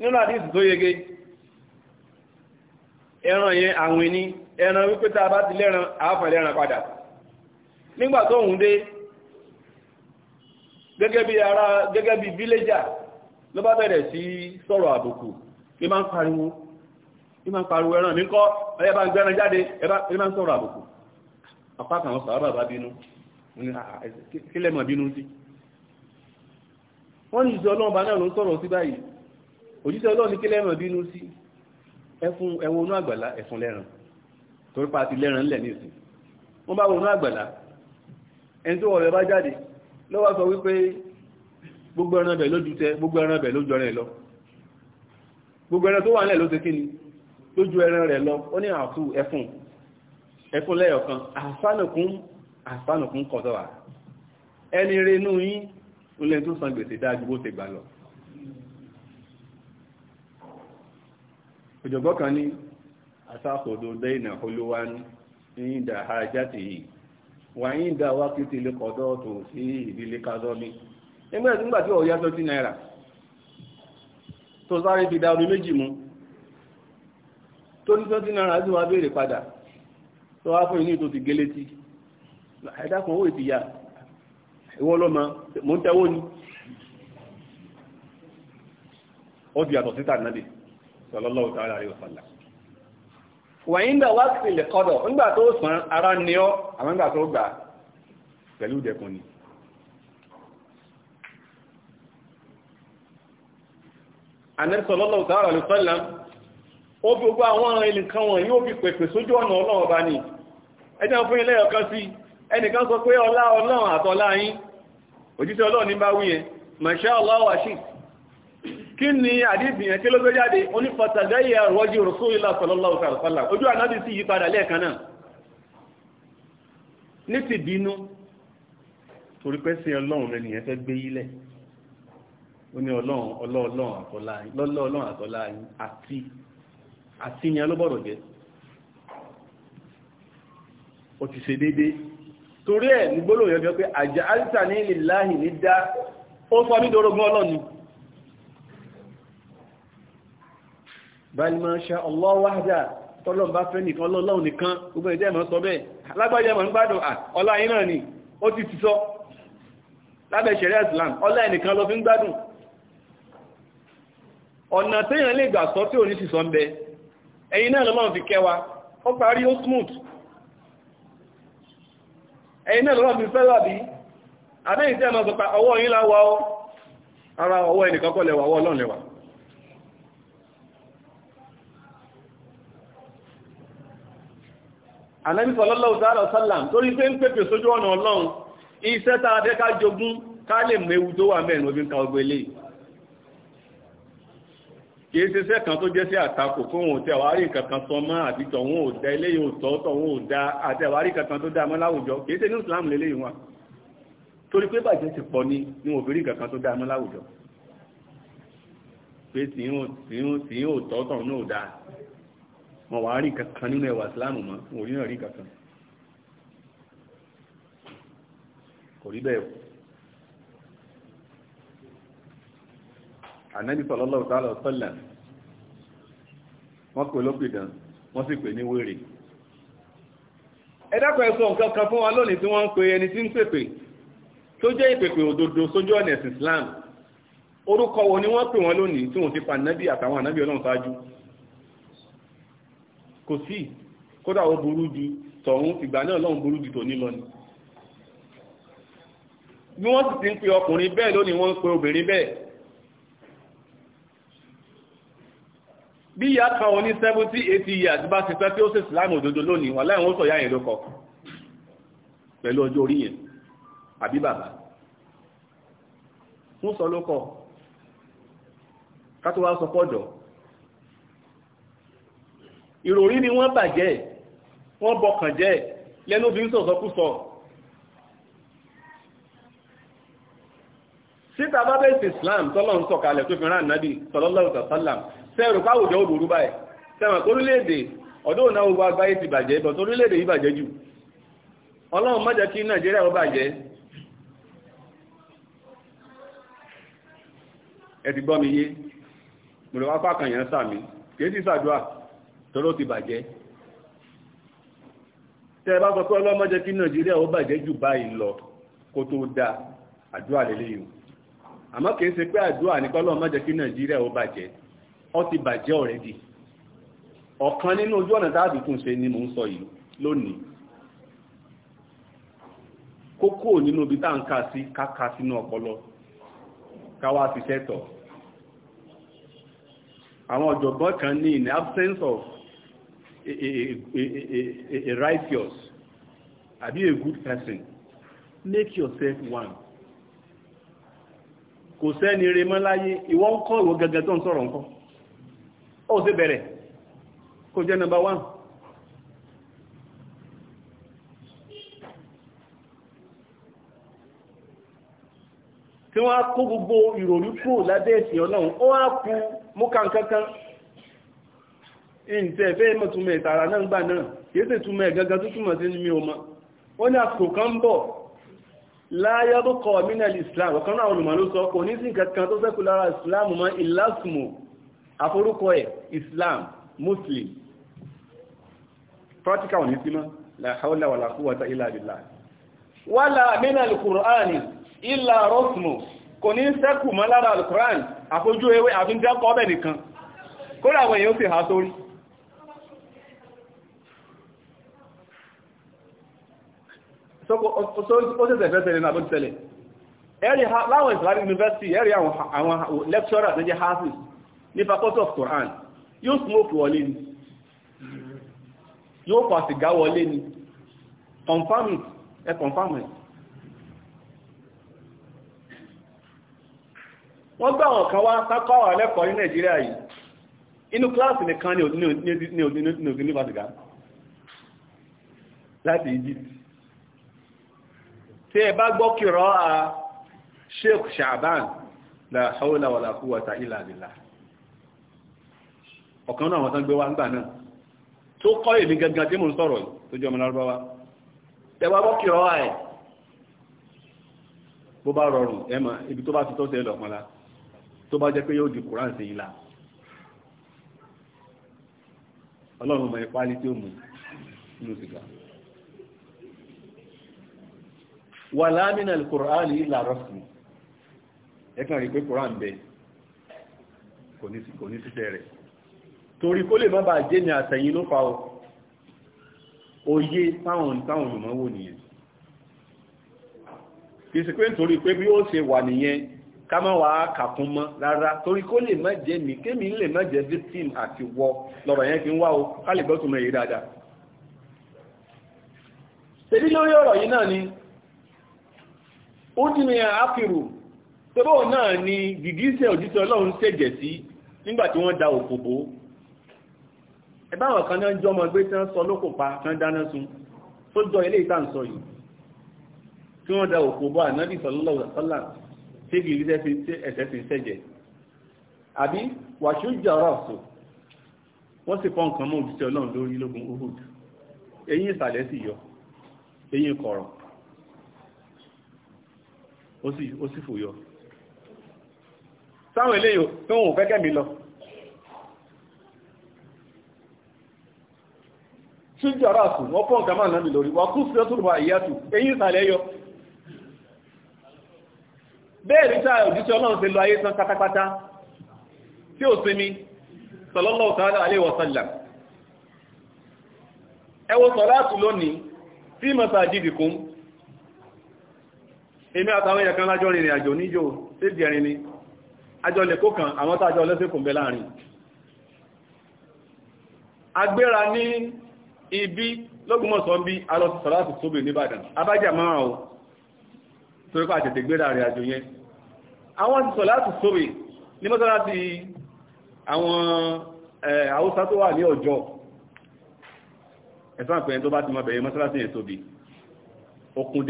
nínú àdísì tó yege ẹran yẹn àwìn ní ẹran wípé tá a bá ti lẹ́ran àáfẹ̀lẹ́ ẹran padà nígbà tó ń dé gẹ́gẹ́ bí ara gẹ́gẹ́ bí bílẹ́jà ló bá bẹ̀rẹ̀ sí sọ̀rọ̀ àbùkù ní máa ń pariwo ní máa ń pariwo ẹran mi kọ́ ẹyẹ gbẹ́ran jáde ní ń sọ̀rọ̀ àbùkù wọ́n ní ìjọ ọlọ́ọ̀bá náà ló sọ̀rọ̀ sí báyìí òjíṣẹ́ ọlọ́run ní kí lẹ́ràn bínú sí ẹfun ẹwọ inú àgbàlá ẹfun lẹ́ràn torí pa ti lẹ́ràn ńlẹ̀ ní ìsìn wọ́n bá wọnú àgbàlá ẹni tó wọ̀rẹ̀ bá jáde lọ́wọ́ sọ wípé gbogbo ẹran bẹ̀ lójú tẹ gbogbo ẹran bẹ̀ lójú ọ̀rẹ́ lọ gbogbo ẹran tó wà nílẹ̀ ló ti kí ni lójú ẹran rẹ̀ lọ ó ní àtú ẹfun ẹfun lẹ́yọ̀kan àsánùkún àsánùkún kọ̀tọ̀wà ẹni renú yín ó lẹ́ni tó san gbèsè dáa ju bó ti gbà lọ òjògbọ́n kan ní asákòdó dẹ́nà olówá ní ìdá àjáde yìí wà ní ìdá wá kí ti lè kọ̀dọ́ tó sí ìdílé kazọ́mí nígbà tí nígbà ọ̀yá tó ti náírà tó sáré fi dá omi méjì mú tó ní tó ti náírà béèrè padà tó wá fún inú tó ti sallallahu ta'ala alayhi wa wá sí ilẹ̀ kọ́dọ̀ nígbà ara ní ọ́ àwọn ìgbà tó gbà pẹ̀lú ni Ànábì sallallahu ta'ala alayhi wa ó fi gbogbo àwọn ẹnìkan wọn yóò fi sójú ọ̀nà ọlọ́run ọba ni ẹ kí ni àdìsí yẹn kí ló gbé jáde onífọ̀tàgẹ́yẹ rọ́jú Rasulullah sallallahu alaihi wasallam ojú ànábì sì yí padà lẹ́ẹ̀kan náà ní ti bínú torí pé sí ọlọ́run rẹ̀ nìyẹn fẹ́ gbé yílẹ̀ ó ní ọlọ́run ọlọ́ọ̀lọ́run àtọ́lá yín lọ́lọ́ọ̀lọ́run àtọ́lá yín àti àti yẹn ló bọ̀rọ̀ jẹ́ ó ti ṣe dédé torí ẹ̀ nígbóló pé àjà alìsà ní lillahi ní dá ó sọ bal sha Allah wahda tọ́lọ́n nìkan ẹ̀jẹ́ sọ bẹ́ẹ̀ alágbàjẹ́ ni ó ti ti sọ lábẹ́ ṣẹ̀rẹ́ Islam ọlá ẹnìkan lọ fi ń ọ̀nà téèyàn lè gbà tí ò ní ẹ̀yin náà fi kẹwa ó parí ó smooth ẹ̀yin náà lọ́lọ́run fi fẹ́ abẹ́yìn sọ pa ọwọ́ yín Ànábì sallallahu ta'ala sallam torí pé ń pèpè sójú ọ̀nà Ọlọ́run iṣẹ́ tàà fẹ́ ká jogún ká lè méwu tó wà mẹ́rin obí ká ọgbẹ̀ lè kìí ṣe iṣẹ́ kan tó jẹ́ sí àtakò fún òun tẹ́ àwárí nǹkan kan sọ mọ́ àti tọ̀hún ò dá eléyìí ò tọ́ tọ̀hún ò dá àti àwárí kankan tó dá mọ́ láwùjọ kìí ṣe ní Islam lélẹ́yìí wọn torí pé bàjẹ́ ti pọ̀ ní ní òbírí nǹkan kan tó dá mọ́ láwùjọ pé tí ó tọ́ tọ̀hún ò wọn wà rí kankan nínú ẹwà ìsìláàmù mọ́ wọn ò ní rí kankan kò rí bẹ́ẹ̀ ànábì sallallahu ta'ala wa sallam wọ́n pè lópìdán wọ́n sì pè ní wèrè ẹ dákọ̀ ẹ sọ nǹkan kan fún wa lónìí tí wọ́n ń pe ẹni tí ń pèpè tó jẹ́ ìpèpè òdodo sójú ọ̀nà ẹ̀sìn Islam orúkọ wo ni wọ́n pè wọ́n lónìí tí wọ́n ti pa nábì àtàwọn ànábì Ọlọ́run ṣáájú kò sí kódà ó burú ju tọ̀hún ìgbà náà lọ́hùn burú ju tòní lọ ni bí wọ́n sì ti ń pe ọkùnrin bẹ́ẹ̀ lónìí wọ́n ń pe obìnrin bẹ́ẹ̀ bí ìyá kan oní 70 80 years bá ti pẹ́ tí ó sì Islam òdodo lónìí wà láìwọ́n sọ yáyìn lókọ pẹ̀lú ọjọ́ orí yẹn àbí bàbá wọ́n sọ lókọ ká tó wá sọ pọ́jọ́ ìròrí ni wọ́n bàjẹ́ wọ́n bọ̀kàn jẹ́ lẹ́nu bí ń síta bá bẹ́ẹ̀ Islam tọ́lọ̀ ń sọ̀kalẹ̀ tó fi rán náàbì tọ́lọ́lọ́rùtọ̀sálàm sẹ́rù káwùjọ òdòrú báyìí sẹ́wọ̀n ti bàjẹ́ bọ̀ jù ọlọ́run tọ́lọ́ ti bàjẹ́ tẹ́ ẹ bá sọ pé ọlọ́mọ jẹ́ kí nàìjíríà ó bàjẹ́ jù báyìí lọ kó tó da àdúrà lélẹ́yìn àmọ́ kìí ṣe pé àdúrà ní kọ́lọ́mọ jẹ́ kí nàìjíríà ó bàjẹ́ ó ti bàjẹ́ ọ̀rẹ́dì ọ̀kan nínú ojú ọ̀nà táàbì ṣe ni mò ń sọ yìí lónìí kókó nínú ibi tá ń ká sí káká sínú ọpọlọ káwá fi sẹ́tọ̀ àwọn ọ̀jọ̀gbọ́n kan ní in absence of a, a, a, a righteous are you a good person make yourself one kò sẹ́ni rẹ mọ́ láyé ìwọ ń kọ́ ìwọ gẹ́gẹ́ tó ń sọ̀rọ̀ nǹkan ó sì bẹ̀rẹ̀ kó jẹ́ number one tí wọ́n á kó gbogbo ìròrí kúrò lábẹ́ ẹ̀sìn ọlọ́run ó á kú mú kankankan ìǹtẹ̀ fẹ́ mọ̀túnmẹ̀ ìtara náà gbà náà kìí sì túnmẹ̀ gangan tó túnmọ̀ sí mi ò mọ́ ó ní àsìkò kan ń bọ̀ láyọ́bọ̀ kọ mínàlì islam ọ̀kan náà olùmọ̀ ló sọ kò ní sí kankan tó sẹ́kù lára islam mọ́ ìlàsùmù àforúkọ ẹ̀ islam muslim practical ní sí mọ́ la hawla wala quwwata illa billah wala mínàlì kùránì ìlà rọ́sùmù kò ní sẹ́kù mọ́ lára alkùránì àfojú ewé àfíńdẹ́kọ́ ọbẹ̀ nìkan kódà àwọn èèyàn sì há sórí ó sẹ́sẹ̀ fẹ́ tẹ̀lé náà ló tẹ̀lé ẹ̀rí láwọn Islamic University ẹ̀rí àwọn lecturer tó jẹ́ hafiz ní faculty of Quran yóò smoke wọlé ni yóò pa sìgá wọlé ni confirm it ẹ confirm it wọ́n gbá àwọn kan wá sákọ́ àwọn alẹ́kọ̀ọ́ ní Nàìjíríà yìí inú kíláàsì nìkan ni òdí ní òdí tí ẹ bá gbọ́ kìrọ́ a sheikh shaban la hawla wala quwwata illa billah ọ̀kan náà wọ́n tán gbé wá ń gbà náà tó kọ́ èmi gangan tí mo ń sọ̀rọ̀ tó jọ ọmọlárúbáwá ẹ bá gbọ́ kìrọ́ a ẹ̀ bó bá rọrùn ẹ mọ̀ ibi tó bá ti tọ́sẹ̀ lọ́pọ̀lá tó bá jẹ́ pé yóò di kùrán sí ìlà ọlọ́run mọ̀ ipá ní tí ó mú inú sìgá wà láàmìnà alkùránì ìlàrọ̀ sí ẹkàn rí pé kùrán bẹ kò ní síṣẹ́ rẹ̀ torí kó lè má bàá jẹ́ ní àtẹ̀yìn ló fa ọ òye táwọn táwọn olùmọ́wò nìyẹn kìí sí pé nítorí pé bí ó ṣe wà nìyẹn ká má wàá kàkún mọ́ rárá torí kó lè má jẹ́ mi kémi lè má jẹ́ victim àti wọ lọ́rọ̀ yẹn fi ń wá o ká lè gbọ́tùmọ̀ èyí dáadáa yìí náà ó ní ní àáfìrù tẹ́bọ̀ náà ni gìgísẹ̀ òjíṣẹ́ ọlọ́run tẹ̀jẹ̀ sí nígbà tí wọ́n da òkò bò ẹ̀bá àwọn kan náà jọmọ gbé tán sọ lókò pa tán dáná sun tó jọ ilé ìta sọ yìí tí wọ́n da òkò bò ànábì sọlọ́lọ́ sọ́là tí gìgísẹ̀ fi ẹ̀sẹ̀ fi tẹ̀jẹ̀ àbí wàṣú jọrọ̀ sọ wọ́n sì pọ́ nǹkan mọ́ òjíṣẹ́ ọlọ́run lórí lógun Uhud eyín ìsàlẹ̀ sì yọ eyín kọ̀rọ̀ ó sì fòyọ sáwọn eléyò tó wọ́n fẹ́kẹ́ mi lọ ṣíjọ ara sùn wọ́n pọ̀ nǹkan máa náà mi lórí wà kú sí ọ́tùrùwà ìyàtù eyín ìsàlẹ̀ yọ bẹ́ẹ̀ ní sáà òjíṣẹ́ ọlọ́run ṣe lọ ayé tán pátápátá tí ó sinmi sallallahu ta'ala alaihi wa sallam ẹ wo sọ̀látù lónìí fi masajidikum èmi àtàwọn èèyàn kan lájọ́ rìnrìn àjò níjò sédì ẹ̀rin ni àjọ lè kó kan àwọn tàjọ lẹ́sẹ̀kùn bẹ láàrin agbéra ní ibi lógúnmọ̀sán bí alọ́sọ̀láàtì sóbè nìbàdàn abájá máa ọ̀ tó rí pàtẹ̀tẹ̀ gbéra rẹ̀ àjò yẹn àwọn ti sọ̀láàtì sóbè ní mọ́sálásí àwọn Haúsá tó wà ní ọjọ́ ẹ̀sán àpẹẹrẹ tó bá ti mọ́ tóbi okun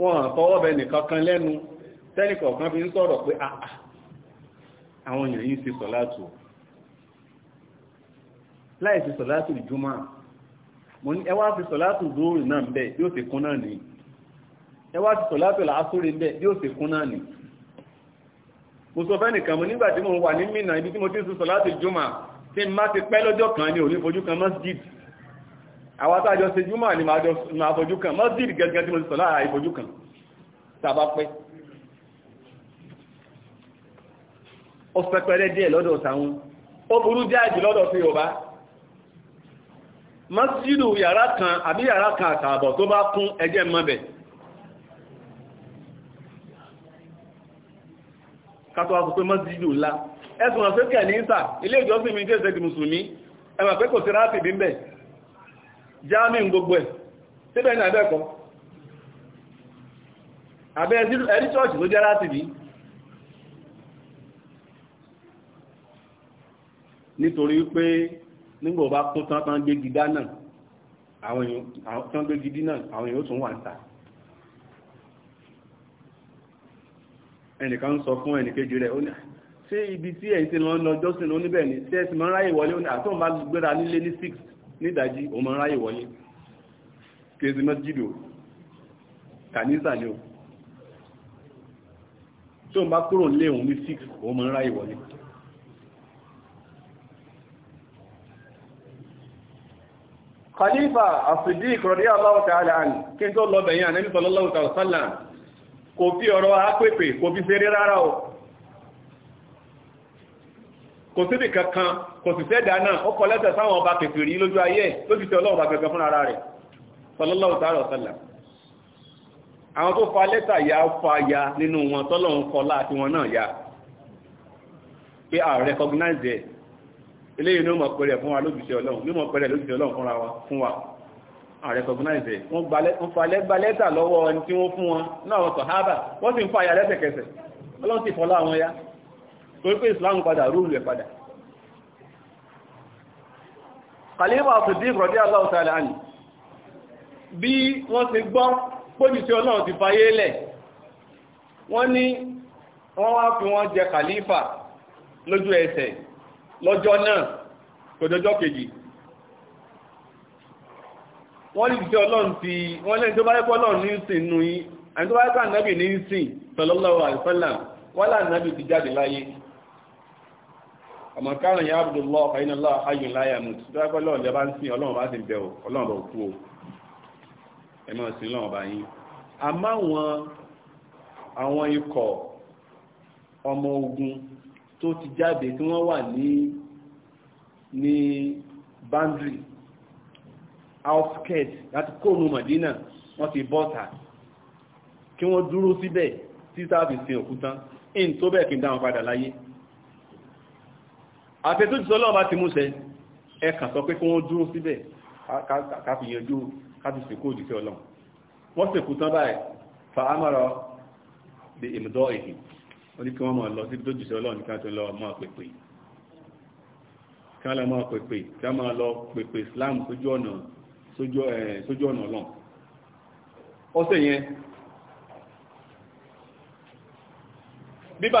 wọn fọwọ́bẹ̀ nìkan kan lẹ́nu tẹ́nìkọ̀ọ̀kan fi ń sọ̀rọ̀ pé ah, ah, àwọn èèyàn yìí ṣe sọ̀látù láìsí sọ̀látù ìjúmọ́ mo ní ẹwà fi sọ̀látù dúró náà bẹ́ bí ó ti kún náà ní ẹwà fi sọ̀látù làásùrí bẹ́ bí ó ti kún náà ní mo sọ fẹ́nìkan mo nígbà tí mo wà ní Mínà ibi tí mo ti ń sọ̀látù ìjúmọ́ tí má ti pẹ́ lọ́jọ́ kan ní òní fojú kan masjid àwọn àtàjọ ṣe júmọ̀ ní máa fojú kan mọ́sílì gẹ́gẹ́ tí mo sọ lára ìfojú kan tàbá pẹ́ ó pẹ́pẹ́rẹ́ díẹ̀ lọ́dọ̀ sàún ó burú jáàjì lọ́dọ̀ sí Yorùbá mọ́sílù yàrá kan àbí yàrá kan àtààbọ̀ tó bá kún ẹjẹ́ mọ́bẹ̀ kátó wá sọ pé mọ́sílù ńlá ẹ̀sùn ọ̀sẹ́kẹ̀ ní ìsà ilé ìjọsìn mi jẹ́ ìṣẹ́dì mùsùlùmí ẹ̀mà pé kò sí ráàpì bí ń bẹ̀ jami gbogbo ẹ̀ síbẹ̀ ní abẹ́ẹ̀kọ́ àbẹ́ ẹ̀rí church ló jẹ́ láti bí nítorí pé nígbò bá kó tán tán gbé gidá náà àwọn èèyàn tán gbé gidí náà àwọn èèyàn tún wà ń ta ẹnìkan sọ fún ẹnìkejì rẹ̀ ó ní ṣé ibi tí ẹ̀yìn ti lọ lọ jọ́sìn lóníbẹ̀ ni tí ẹ̀sìn mọ́ ráyè wọlé ó ní àtọ́ gbéra nílé ní nídàájí o mọ́ ráyè wọlé kèsì mọ́síjìdò kànísà ni o tó ń bá kúrò nílé òun ní 6 o mọ́ ráyè wọlé Khalifa As-Siddiq radiyallahu ta'ala anhu kí n tó lọ bẹ̀yìn Ànábì sallallahu ta'ala sallam kò fi ọ̀rọ̀ apẹ́pẹ́ kò fi ṣeré rárá o kò síbì kankan kò sì sẹ́dà náà ó kọ lẹ́tẹ̀ sáwọn ọba kèfèrí lójú ayé lójú tẹ ọlọ́run bá gẹ́gẹ́ fún ara rẹ̀ sallallahu ta'ala wa sallam àwọn tó fa lẹ́tà ya fa ya nínú wọn tọ́lọ́run kọ láti wọn náà ya pé a recognize ẹ̀ eléyìí ní ó mọ̀ pẹ̀rẹ̀ fún wa lójúṣe ọlọ́run ní ó mọ̀ pẹ̀rẹ̀ lójúṣe ọlọ́run fúnra wa fún wa a recognize ẹ̀ wọ́n fa lẹ́tà lọ́wọ́ ẹni tí wọ́n fún wọn náà wọ́n sọ̀hábà wọ́n sì ń fa ya lẹ́sẹ̀kẹsẹ̀ ọlọ́run sì fọlá àwọn ya torí pé ìsìláàmù padà rúùlù ẹ̀ padà Khalifa Siddiq radiyallahu ta'ala anhu bí wọ́n ti gbọ́ pójú tí ọlọ́run ti fayé lẹ̀ wọ́n ní wọ́n wá fi wọ́n jẹ Khalifa lójú ẹsẹ̀ lọ́jọ́ náà kò dọjọ́ kejì wọ́n ní tí ọlọ́run ti wọ́n lẹ́yìn tó bá rẹ́pọ̀ ọlọ́run ní sìn nù yí àti tó bá rẹ́pọ̀ ànábì ọmọ kárùn yà Abdullah fàyínà lọ ayùn láyà mú tí tó pẹ́lú ọ̀lẹ́ bá ń sìn ọlọ́run bá sì ń bẹ̀ ọ́ ọlọ́run bá kú o ẹ máa sìn lọ́run bá yín àmọ́ àwọn àwọn ikọ̀ ọmọ ogun tó ti jáde tí wọ́n wà ní ní boundary outskirt láti kóònù Madina wọ́n ti bọ́ta kí wọ́n dúró síbẹ̀ títà fi sin òkúta in tó bẹ́ẹ̀ kí n dáwọn padà láyé àfẹ́ tó jùsọ́ lọ́wọ́ bá ti múṣẹ ẹkà sọ pé kí wọ́n dúró síbẹ̀ káfí yẹjú káfí sí kóòdù sí ọlọ́run wọ́n sì kú tán báyìí fa ámọ́rọ̀ di ìmúdọ́ èdè wọ́n ní kí wọ́n mọ̀ lọ sí tó jùsọ́ lọ́wọ́ nìkan tó lọ mọ́ pèpè kí wọ́n lọ mọ́ pèpè kí wọ́n mọ́ lọ pèpè Islam sójú ọ̀nà ọlọ́run ọ̀sẹ̀ yẹn bíbà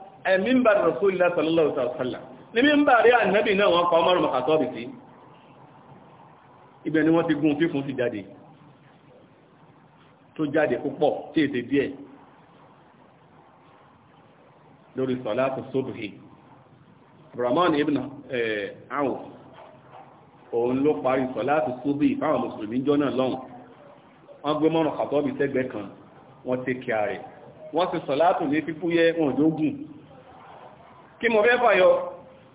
ẹ̀mínbà rasulillah sallallahu alaihi wasallam ní mímbà rí ànábì náà wọ́n kọ márùn àtọ́bì sí ibẹ̀ ni wọ́n ti gún fífún sí jáde tó jáde púpọ̀ tí èsè díẹ̀ lórí sọ̀látù sóbìhì Rahman ibn Awf òun ló parí sọ̀látù sóbìhì fáwọn mùsùlùmí jọ náà lọ́hùn wọ́n gbé márùn àtọ́bì sẹ́gbẹ̀ẹ́ kan wọ́n ti kí ààrẹ wọ́n ti sọ̀látù ní fífúyẹ́ wọn jógùn kí mo fẹ́ fàyọ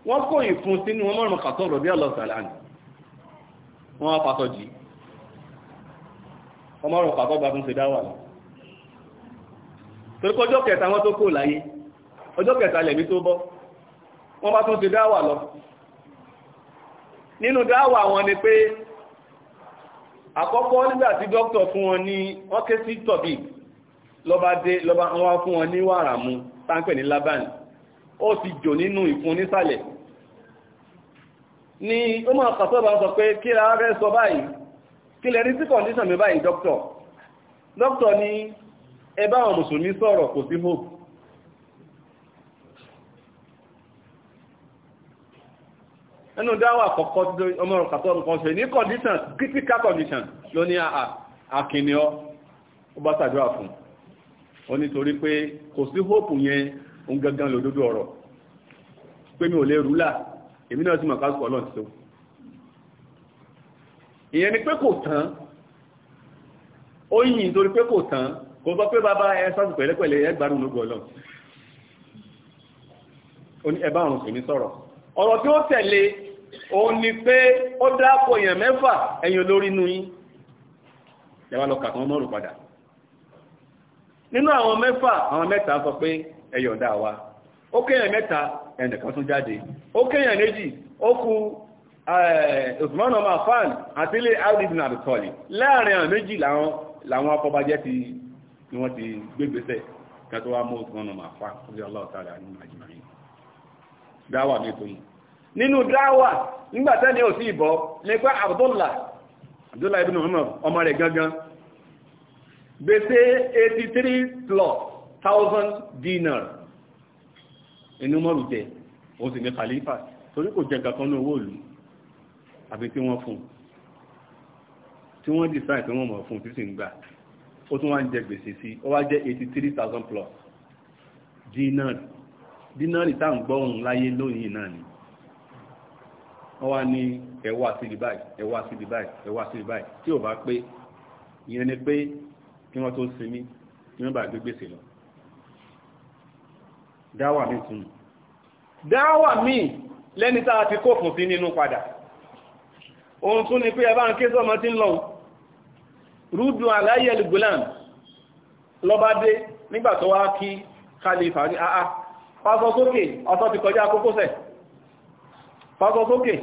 wọ́n kó ìfún sínú wọn mọ́rùn kàtọ́ rọ̀bí ọlọ́sàlá ni wọ́n wá pàtọ́ jì ọmọrùn pàtọ́ bá tún ṣe dáwà lọ torí kọjọ́ kẹta wọ́n tó kó láyé ọjọ́ kẹta lẹ̀mí tó bọ́ wọ́n bá tún ṣe dáwà lọ nínú dáwà wọn ni pé àkọ́kọ́ nígbà tí dókítà fún wọn ní wọ́n lọ́ba wọn fún wọn ní wàrà mu ní lábàánì ó ti jò nínú ìfun nísàlẹ̀ ni ó máa kàtọ́bà sọ pé kí ra rẹ̀ sọ báyìí kí lẹ rí sí condition mi báyìí doctor doctor ni ẹ bá àwọn mùsùlùmí sọ̀rọ̀ kò sí hope ẹnu dáwà àkọ́kọ́ tí ọmọ ọ̀kàtọ́rù kan ṣe ní condition critical condition ló ní àkìnìọ́ ó bá ṣàdúrà fún onítorí pé kò sí hope yẹn òun gangan lò dódó ọ̀rọ̀ pé mi ò lè rúlà èmi náà sì mọ̀ ká sùpọ̀ lọ́nà tó ìyẹn ni pé kò tán ó yìn nítorí pé kò tán kò sọ pé bàbá ẹ sọ́sù pẹ̀lẹ́pẹ̀lẹ́ ẹ gbárùn lógo ọlọ́ ẹbá ọ̀run kò ní sọ̀rọ̀ ọ̀rọ̀ tí ó tẹ̀lé òun nínú àwọn mẹ́fà àwọn mẹ́ta sọ pé ẹyọ̀dá wa ó kéèyàn mẹ́ta ẹnìkan tún jáde ó kéèyàn méjì ó kú eh, Usman ọmọ àti ilé aldidin àbìtọ́lì láàrin àwọn méjì làwọn afọbajẹ́ ti ni wọ́n ti gbégbèsẹ̀ kan tó wá mú Usman ọmọ afan ọlọ́ọ̀tàrà nínú dáwà ò sí ìbọ́ nípa Abdullah Abdullah ibn Umar ọmọ rẹ̀ gangan gbèsè thousand dinar inú mọ́rù jẹ òun sì ní khalifa torí kò jẹ kankan ní owó ìlú àbí tí wọ́n fún tí wọ́n decide tí wọ́n mọ̀ fún títí ń gbà ó tún wá ń jẹ gbèsè sí ó wá jẹ́ eighty three thousand plus dinar dinar tá ń gbọ́ òun láyé lónìí náà ni wọ́n wá ní ẹwà sí dubai ẹwà sí dubai ẹwà sí dubai tí ò bá pé ìyẹn ni pé kí wọ́n tó sinmi kí wọ́n bá gbé gbèsè lọ dáwà ní tún dáwà míì lẹ́ni tàà ti kó fún sí nínú padà ohun tún ni pé ẹbá ń ké sọmọ tí ń lọ rúdùn aláyé ẹlùgbòlán lọ́bá dé nígbà tó wá kí khalifa ní àá fásọ sókè ọ̀tọ́ ti kọjá kókósẹ̀ fásọ sókè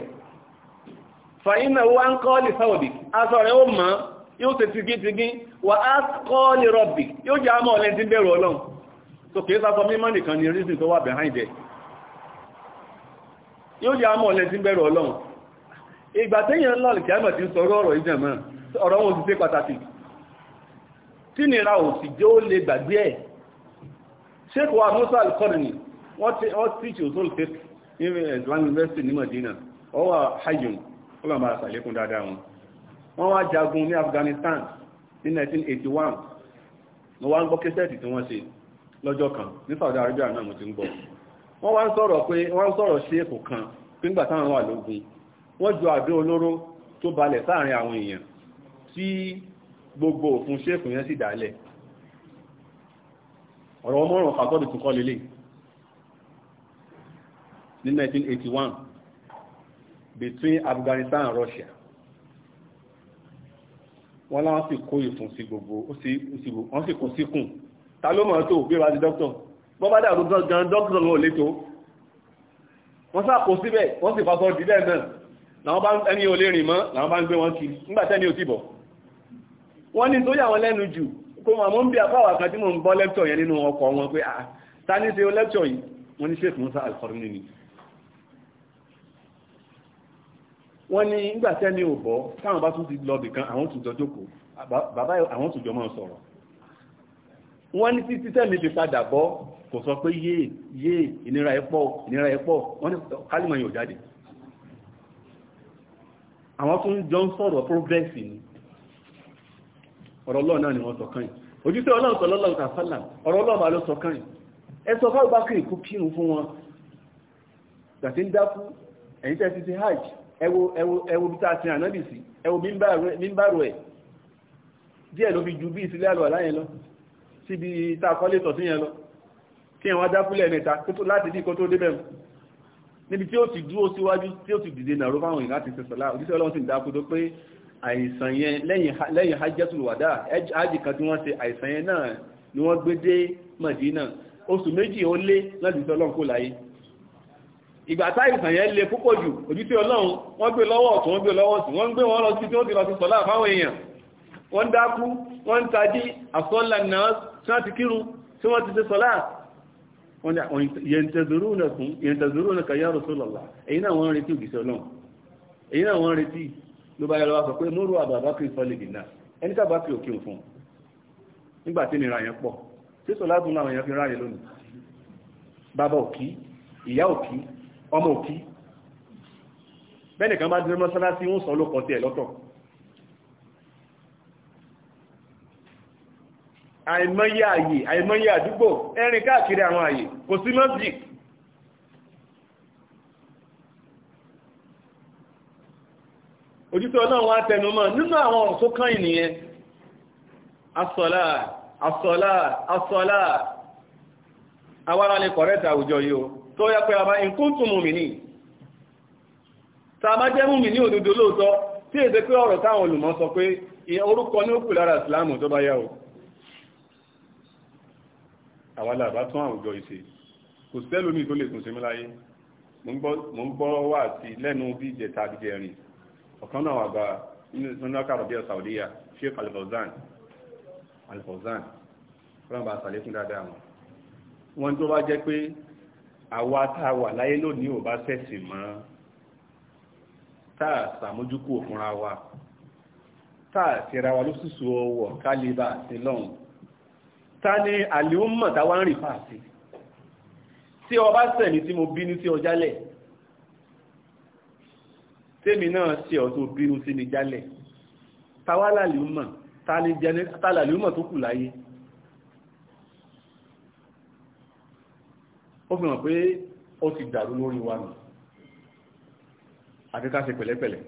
fàyínà wá ń kọ́ lè sáwọ̀dì aṣọ rẹ̀ ó mọ́ yóò ṣe tìgítìgí wà á kọ́ lè rọ̀bì yóò jẹ́ àmọ́ ọ̀lẹ́ntí bẹ̀rù ọlọ́run so kìí sáfọ mímọ́ nìkan ni reason tó wà behind it yóò yá mọ́ ọ̀lẹ́ tí ń bẹ̀rù ọlọ́run ìgbà tẹ́yìn ńlá ìkẹ́mọ̀ tí ń sọ̀rọ̀ ọ̀rọ̀ ìjẹ̀mọ́ ọ̀rọ̀ wọn òṣìṣẹ́ pàtàkì tí nira ò sì jẹ́ ó lè gbàgbé ẹ̀ sheikh wa musa al-Qarni wọ́n teach usul fiqh ní Islam University ní Madina wọ́n wà hajjun ọlọ́mà àṣàlékún dáadáa wọn wọ́n wá jagun ní Afghanistan ní 1981 wọ́n wá ń gbọ́ kẹsẹ́ẹ̀tì tí wọ́n ṣe lọ́jọ́ kan ní Saudi Arabia náà mo ti ń bọ̀ wọ́n wá ń sọ̀rọ̀ pé wọ́n ń sọ̀rọ̀ sí èkó kan nígbà táwọn wà lógun wọ́n ju àdó olóró tó balẹ̀ sáàrin àwọn èèyàn tí gbogbo òfin ṣéèkù yẹn sì dálẹ̀ ọ̀rọ̀ ọmọrùn fàtọ́dù tún kọ́ lélẹ̀ ní 1981 between Afghanistan and Russia wọ́n láwọn sì kó ìfún sí gbogbo wọ́n sì kó síkùn ta ló mọ̀ tó bí ìwádìí dókítọ̀ bọ́ bá dàrú gan dókítọ̀ wọn ò lè tó wọ́n sàkó síbẹ̀ wọ́n sì fọ́sọ́ dílẹ̀ náà làwọn bá ẹni ò lè rìn mọ́ làwọn bá ń gbé wọn kiri nígbà o ò sì bọ̀ wọ́n ní tó yà wọn lẹ́nu jù kó màmú ń bí apáwà kan tí mo ń gbọ́ lẹ́kṣọ̀ yẹn nínú ọkọ̀ wọn pé àà ah, ta ní ṣe ó lẹ́kṣọ̀ yìí wọ́n ní Sheikh Musa Al-Qarni ni wọ́n ní ìgbà tẹ́ni ò bọ́ táwọn bá tún ti lọ bìkan àwọn tùjọ jókòó bàbá àwọn tùjọ máa sọ̀rọ̀ wọ́n ní títí tẹ́mi fi padà bọ́ kò sọ pé yé yé ìnira ẹ̀pọ̀ ìnira ẹ̀pọ̀ wọ́n ní kálímọ̀ yóò jáde àwọn tó ń jọ ń sọ̀rọ̀ progress ni ọ̀rọ̀ ọlọ́run náà ni wọ́n sọ kàn yìí ojúṣe ọlọ́run sọ lọ́lọ́run tàfàlà ọ̀rọ̀ ọlọ́run bá ló sọ kàn yìí ẹ sọ fáwọn bá kiri kú kírun fún wọn gbàtí ń dákú ẹ̀yìn tẹ́ ti ti hajj ẹwo ẹwo síbi tá a kọ́lé tọ̀sí yẹn lọ kí wọ́n dákúlẹ̀ mẹ́ta láti dí kó tó débẹ̀ níbi tí ó ti dúró síwájú tí ó ti dìde nàró fáwọn èèyàn láti sẹ̀sọ̀lá òjíṣẹ́ ọlọ́run sì ń dákú tó pé àìsàn yẹn lẹ́yìn hajjẹ́tùlùwàdá ájì kan tí wọ́n ṣe àìsàn yẹn náà ni wọ́n gbé dé Mádínà oṣù méjì ó lé láti sọ ọlọ́run kó láyé ìgbà tá àìsàn yẹn lé púpọ̀ jù òjíṣẹ́ ọlọ́run wọ́n gbé lọ́wọ́ ọ̀tún wọ́n gbé lọ́wọ́ ọ̀tún wọ́n gbé wọn lọ sí tí wọ́n ti lọ sí sọ̀lá fáwọn èèyàn wọ́n dákú wọ́n tají àsọ́lá náà tí wọ́n ti kírun tí wọ́n ti ṣe sọ́lá wọ́n yẹntẹ̀zúrú nìkan yá Rasulullah èyí náà wọ́n retí ògìsẹ̀ ọlọ́run èyí náà wọ́n retí ló bá yẹlọ́wà sọ pé múrù àbàbákì sọ́lìdì náà ẹni tàbá kí òkè òfun nígbà tí nìra yẹn pọ̀ tí sọ́lá tún láwọn èèyàn ìyá òkí ọmọ òkí bẹ́nìkan bá dúró mọ́sálásí ń sọ lókọ̀ tí ẹ̀ àìmọye àyè àìmọye àdúgbò ẹ̀rìn káàkiri àwọn àyè kò sí mọ́sí òjútọ́ náà wá tẹnumọ́ nínú àwọn ọ̀sọ́ kan ìnìyàn asọ́lá asọ́lá asọ́lá awára lè kọ̀rẹ́ta àwùjọ yìí o tó yá pé àbá ìkúntù mú mi ní tàbá jẹ́ mú mi orúkọ ní ó lára ìsìláàmù tó bá yá àwa làbá tún àwùjọ ìṣe kò sẹ́lómi tó lè tún ṣe mí láyé mo ń gbọ́ wà sí lẹ́nu bí ìjẹta àbíjẹrin ọ̀kan náà wà bá nínú ọkàrọ̀ bí ọ̀sà òdíyà Sheikh Al-Fawzan Al-Fawzan fúnra bá sàlékún dáadáa wọn wọn tó bá jẹ́ pé àwa tá wà láyé lónìí ò bá ṣẹ̀sìn mọ́ tá sàmójúkú òfúnra wa tá a wa ló sùsù ọwọ́ kálíbà sí lọ́hùn ta ni àlìúmọ̀ táwa ń rìn fàásì tí ọba sẹ̀mí tí mo bínú sí ọ jálẹ̀ tèmi náà ṣe ọ̀ tó bínú sí mi jálẹ̀ táwa làlìúmọ̀ ta ni làlìúmọ̀ tó kù láyé ó fi hàn pé ó ti dàrú lórí wa nù àti ká ṣe pẹ̀lẹ́pẹ̀lẹ́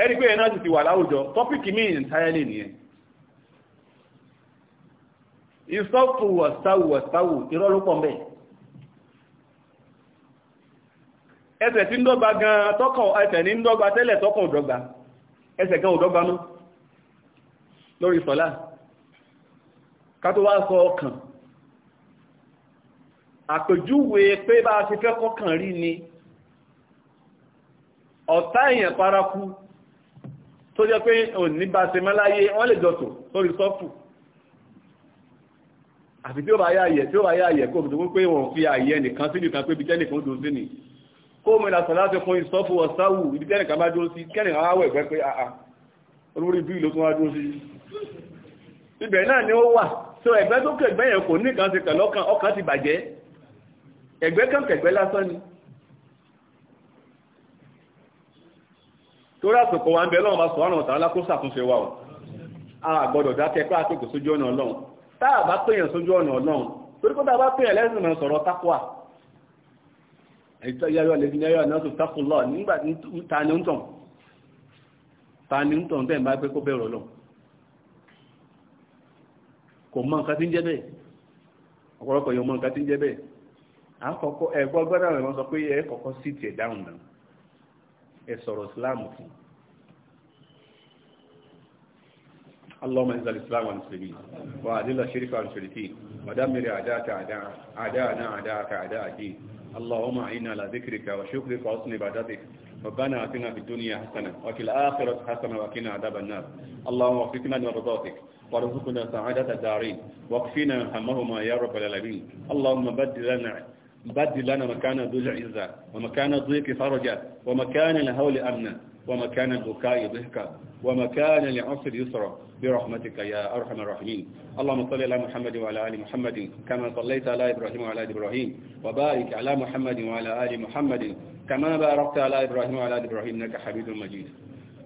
ẹ̀rí pé ẹ̀nà ti ti wà láwùjọ tọ́pìkì míì entirely nìyẹn ìsọ́fù wọ̀sáwù wọ̀sáwù irọ́ ló pọ̀ mẹ́ ẹsẹ̀ tí ń dọ́gba gan tọ́kàn ẹsẹ̀ ní ń dọ́gba tẹ́lẹ̀ tọ́kàn òdọ́gba ẹsẹ̀ gan òdọ́gba mú lórí sọ́lá ká tó wá sọ ọkàn àpèjúwe pé bá a ṣe fẹ́ kọ́kàn rí ni ọ̀tá èèyàn paraku tó jẹ́ pé òní bá ṣe mẹ́láyé wọ́n lè jọ́tò lórí sọ́fù àfi tí ó bá yáyẹ̀ tí ó bá yáyẹ̀ kó tó pé wọ́n fi àyẹ̀ nìkan sí nìkan pé ibi tẹ́nìkan dùn sí ni kó mọ ìlàsọ láti fún ìsọ́fù ọ̀sáwù ibi tẹ́nìkan bá dúró sí kẹ́nìkan wá wẹ̀ pẹ́ pé àà ah, ah, olórí bí ló tún wá dúró ni ó wà so ẹ̀gbẹ́ tó kẹ̀gbẹ́ yẹn kò ní kan ṣe pẹ̀lú ọkàn ọkàn ti bàjẹ́ ẹ̀gbẹ́ kan kẹ̀gbẹ́ lásán ni torí àsìkò wa ń bẹ lọ́wọ́ bá sọ ọ́nà táà bá pèèyàn sójú ọ̀nà ọlọ́run torí kódà bá pèèyàn lẹ́sìn mọ̀ sọ̀rọ̀ tápùà ìtọ́yáyọ́ lè fi ní ayọ́ náà tó tápù lọ nígbà ta ni ń tàn ta ni ń tàn bẹ́ẹ̀ máa pé kó bẹ̀rọ̀ lọ kò mọ nǹkan tí ń jẹ́ bẹ́ẹ̀ ọ̀pọ̀lọpọ̀ yóò mọ nǹkan tí ń jẹ́ bẹ́ẹ̀ àkọ́kọ́ ẹ̀kọ́ gbọ́dọ̀ rẹ̀ wọ́n sọ pé ẹ kọ́kọ́ sí tiẹ̀ dáhùn náà ẹ sọ̀rọ̀ síláàmù fún un اللهم انزل الإسلام والمسلمين وأذل الشرك والمشركين ودمر أعداءك أعداءنا أعداءك أعداء الدين اللهم أعنا على ذكرك وشكرك وحسن عبادتك ربنا آتنا في الدنيا حسنة وفي الآخرة حسنة واقنا عذاب النار اللهم وفقنا لرضاك وارزقنا سعادة الدارين واكفنا همهما يا رب العالمين اللهم بدل لنا بدل لنا مكان ذو العزة ومكان ضيق فرجا ومكان الهول أمنا ومكان البكاء ضحكا ومكان لعصر يسرا برحمتك يا أرحم الراحمين اللهم صل على محمد وعلى آل محمد كما صليت على إبراهيم وعلى آل إبراهيم وبارك على محمد وعلى آل محمد كما باركت على إبراهيم وعلى آل إبراهيم إنك حميد مجيد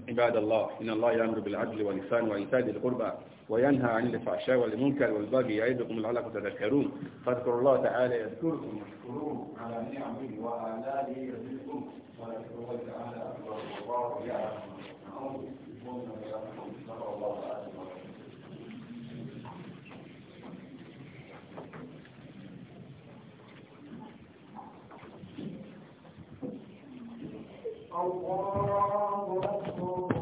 عباد الله إن الله يأمر بالعدل والإحسان وإيتاء ذي القربى وينهى عن الفحشاء والمنكر والبغي يعظكم لعلكم تذكرون فاذكروا الله تعالى يذكركم واشكروه على نعمه وآلائه يزدكم الله أكبر